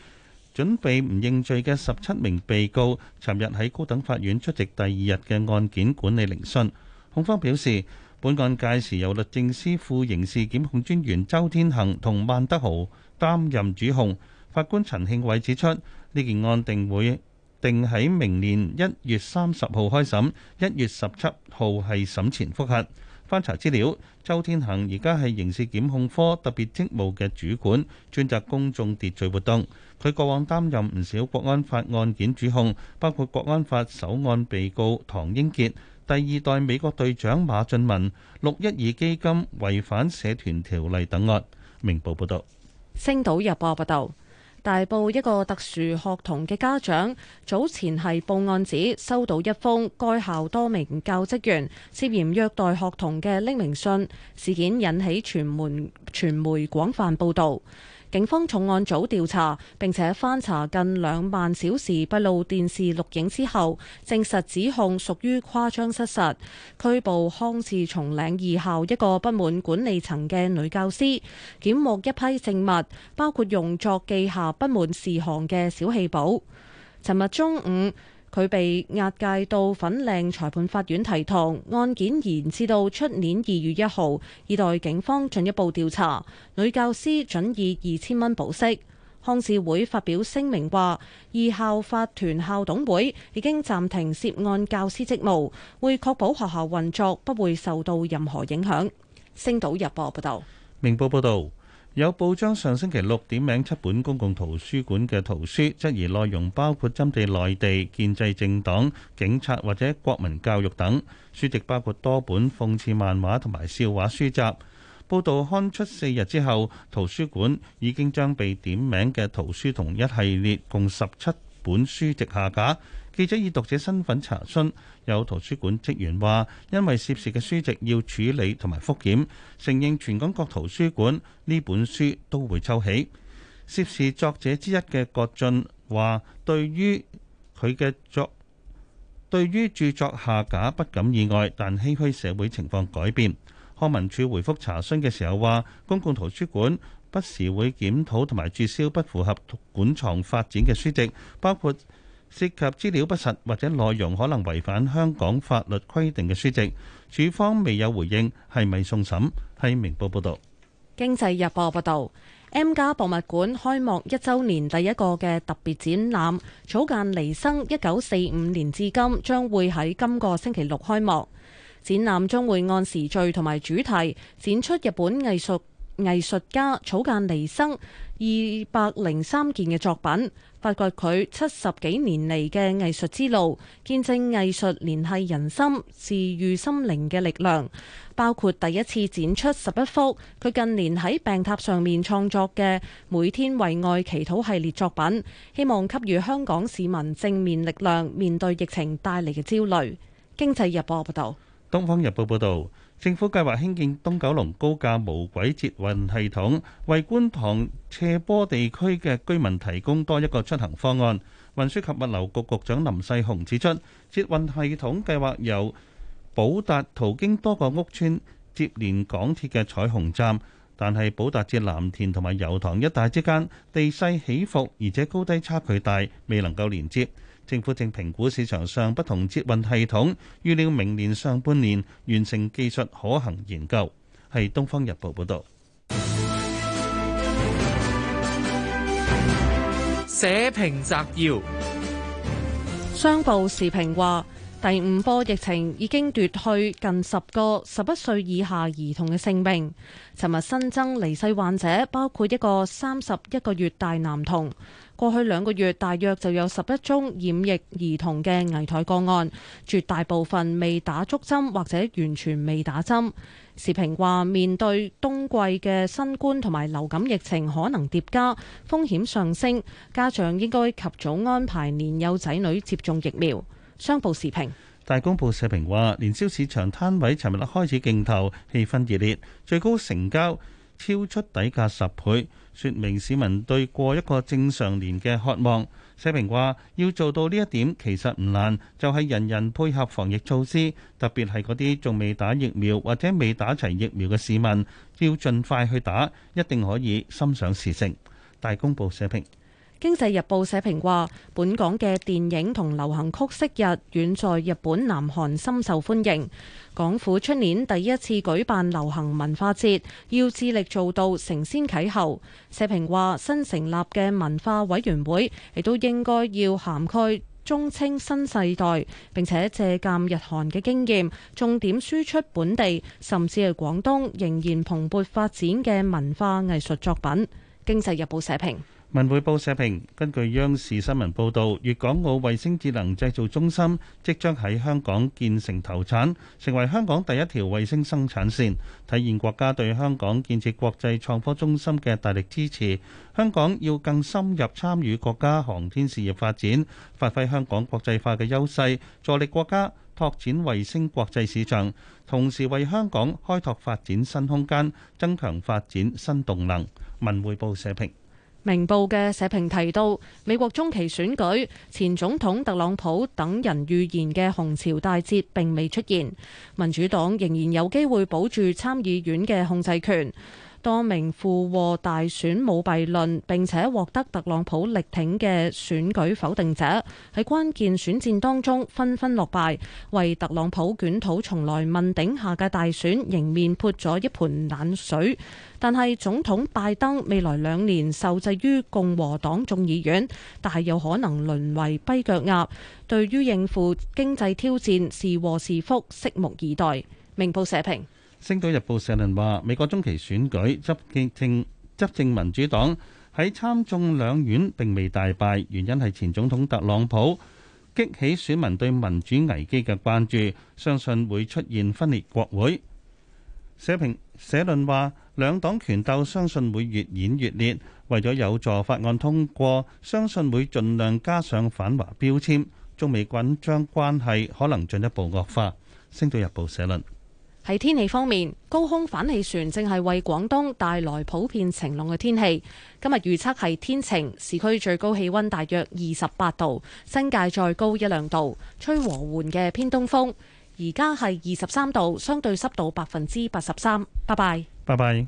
準備唔認罪嘅十七名被告，尋日喺高等法院出席第二日嘅案件管理聆訊。控方表示，本案屆時由律政司副刑事檢控專員周天恒同萬德豪擔任主控。法官陳慶偉指出，呢件案定會定喺明年一月三十號開審，一月十七號係審前複核。翻查資料，周天恒而家係刑事檢控科特別職務嘅主管，專責公眾秩序活動。佢過往擔任唔少國安法案件主控，包括國安法首案被告唐英傑、第二代美國隊長馬俊文、六一二基金違反社團條例等案。明報報導，星島日報報道。大埔一個特殊學童嘅家長，早前係報案指收到一封該校多名教職員涉嫌虐待學童嘅匿名信，事件引起傳媒傳媒廣泛報導。警方重案組調查並且翻查近兩萬小時閉路電視錄影之後，證實指控屬於誇張失實，拘捕康士松嶺二校一個不滿管理層嘅女教師，檢獲一批證物，包括用作記下不滿事項嘅小氣簿。尋日中午，佢被押解到粉嶺裁判法院提堂，案件延至到出年二月一號，以待警方進一步調查。女教師準以二千蚊保釋。康智會發表聲明話，二校法團校董會已經暫停涉案教師職務，會確保學校運作不會受到任何影響。星島日報報道，明報報道。有報章上星期六點名七本公共圖書館嘅圖書，質疑內容包括針對內地建制政黨、警察或者國民教育等，書籍包括多本諷刺漫畫同埋笑話書集。報導刊出四日之後，圖書館已經將被點名嘅圖書同一系列共十七本書籍下架。記者以讀者身份查詢，有圖書館職員話：因為涉事嘅書籍要處理同埋復檢，承認全港各圖書館呢本書都會抽起。涉事作者之一嘅郭俊話：對於佢嘅作，對於著作下架不感意外，但唏噓社會情況改變。康文署回覆查詢嘅時候話：公共圖書館不時會檢討同埋註銷不符合館藏發展嘅書籍，包括，涉及資料不實或者內容可能違反香港法律規定嘅書籍，署方未有回應，係咪送審？係明報報道。經濟日報報道，M+ 博物館開幕一週年第一個嘅特別展覽《草間彌生一九四五年至今》將會喺今個星期六開幕。展覽將會按時序同埋主題展出日本藝術藝術家草間彌生二百零三件嘅作品。發掘佢七十幾年嚟嘅藝術之路，見證藝術聯繫人心、治愈心靈嘅力量。包括第一次展出十一幅佢近年喺病榻上面創作嘅《每天為愛祈禱》系列作品，希望給予香港市民正面力量，面對疫情帶嚟嘅焦慮。經濟日報報道，東方日報報道。政府計劃興建東九龍高架無軌捷運系統，為觀塘斜坡地區嘅居民提供多一個出行方案。運輸及物流局局長林世雄指出，捷運系統計劃由寶達途經多個屋邨接連港鐵嘅彩虹站，但係寶達至藍田同埋油塘一帶之間地勢起伏，而且高低差距大，未能夠連接。政府正評估市場上不同捷運系統，預料明年上半年完成技術可行研究。係《東方日報》報道。社評摘要：商報時評話，第五波疫情已經奪去近十個十一歲以下兒童嘅性命。尋日新增離世患者包括一個三十一個月大男童。過去兩個月，大約就有十一宗染疫兒童嘅危殆個案，絕大部分未打足針或者完全未打針。時評話：面對冬季嘅新冠同埋流感疫情可能疊加，風險上升，家長應該及早安排年幼仔女接種疫苗。商報時評，大公報社評話：年宵市場攤位尋日開始競投，氣氛熱烈，最高成交。超出底價十倍，說明市民對過一個正常年嘅渴望。社評話：要做到呢一點，其實唔難，就係人人配合防疫措施，特別係嗰啲仲未打疫苗或者未打齊疫苗嘅市民，要盡快去打，一定可以心想事成。大公報社評。經濟日報社評話，本港嘅電影同流行曲昔日遠在日本、南韓深受歡迎。港府出年第一次舉辦流行文化節，要致力做到承先啟後。社評話，新成立嘅文化委員會亦都應該要涵蓋中青新世代，並且借鑒日韓嘅經驗，重點輸出本地甚至係廣東仍然蓬勃發展嘅文化藝術作品。經濟日報社評。文匯報社評：根據央視新聞報道，粵港澳衛星智能製造中心即將喺香港建成投產，成為香港第一條衛星生產線，體現國家對香港建設國際創科中心嘅大力支持。香港要更深入參與國家航天事業發展，發揮香港國際化嘅優勢，助力國家拓展衛星國際市場，同時為香港開拓發展新空間，增強發展新動能。文匯報社評。明報嘅社評提到，美國中期選舉前總統特朗普等人預言嘅紅潮大捷並未出現，民主黨仍然有機會保住參議院嘅控制權。多名附和大選舞弊論並且獲得特朗普力挺嘅選舉否定者喺關鍵選戰當中紛紛落敗，為特朗普捲土重來問鼎下屆大選迎面潑咗一盆冷水。但係總統拜登未來兩年受制於共和黨眾議院，大有可能淪為跛腳鴨。對於應付經濟挑戰是禍是福，拭目以待。明報社評。《星島日報》社論話：美國中期選舉執政執政民主黨喺參眾兩院並未大敗，原因係前總統特朗普激起選民對民主危機嘅關注，相信會出現分裂國會。社評社論話：兩黨權鬥相信會越演越烈，為咗有助法案通過，相信會盡量加上反華標籤，中美緊張關係可能進一步惡化。《星島日報》社論。喺天氣方面，高空反氣旋正係為廣東帶來普遍晴朗嘅天氣。今日預測係天晴，市區最高氣溫大約二十八度，新界再高一兩度，吹和緩嘅偏東風。而家係二十三度，相對濕度百分之八十三。拜拜，拜拜。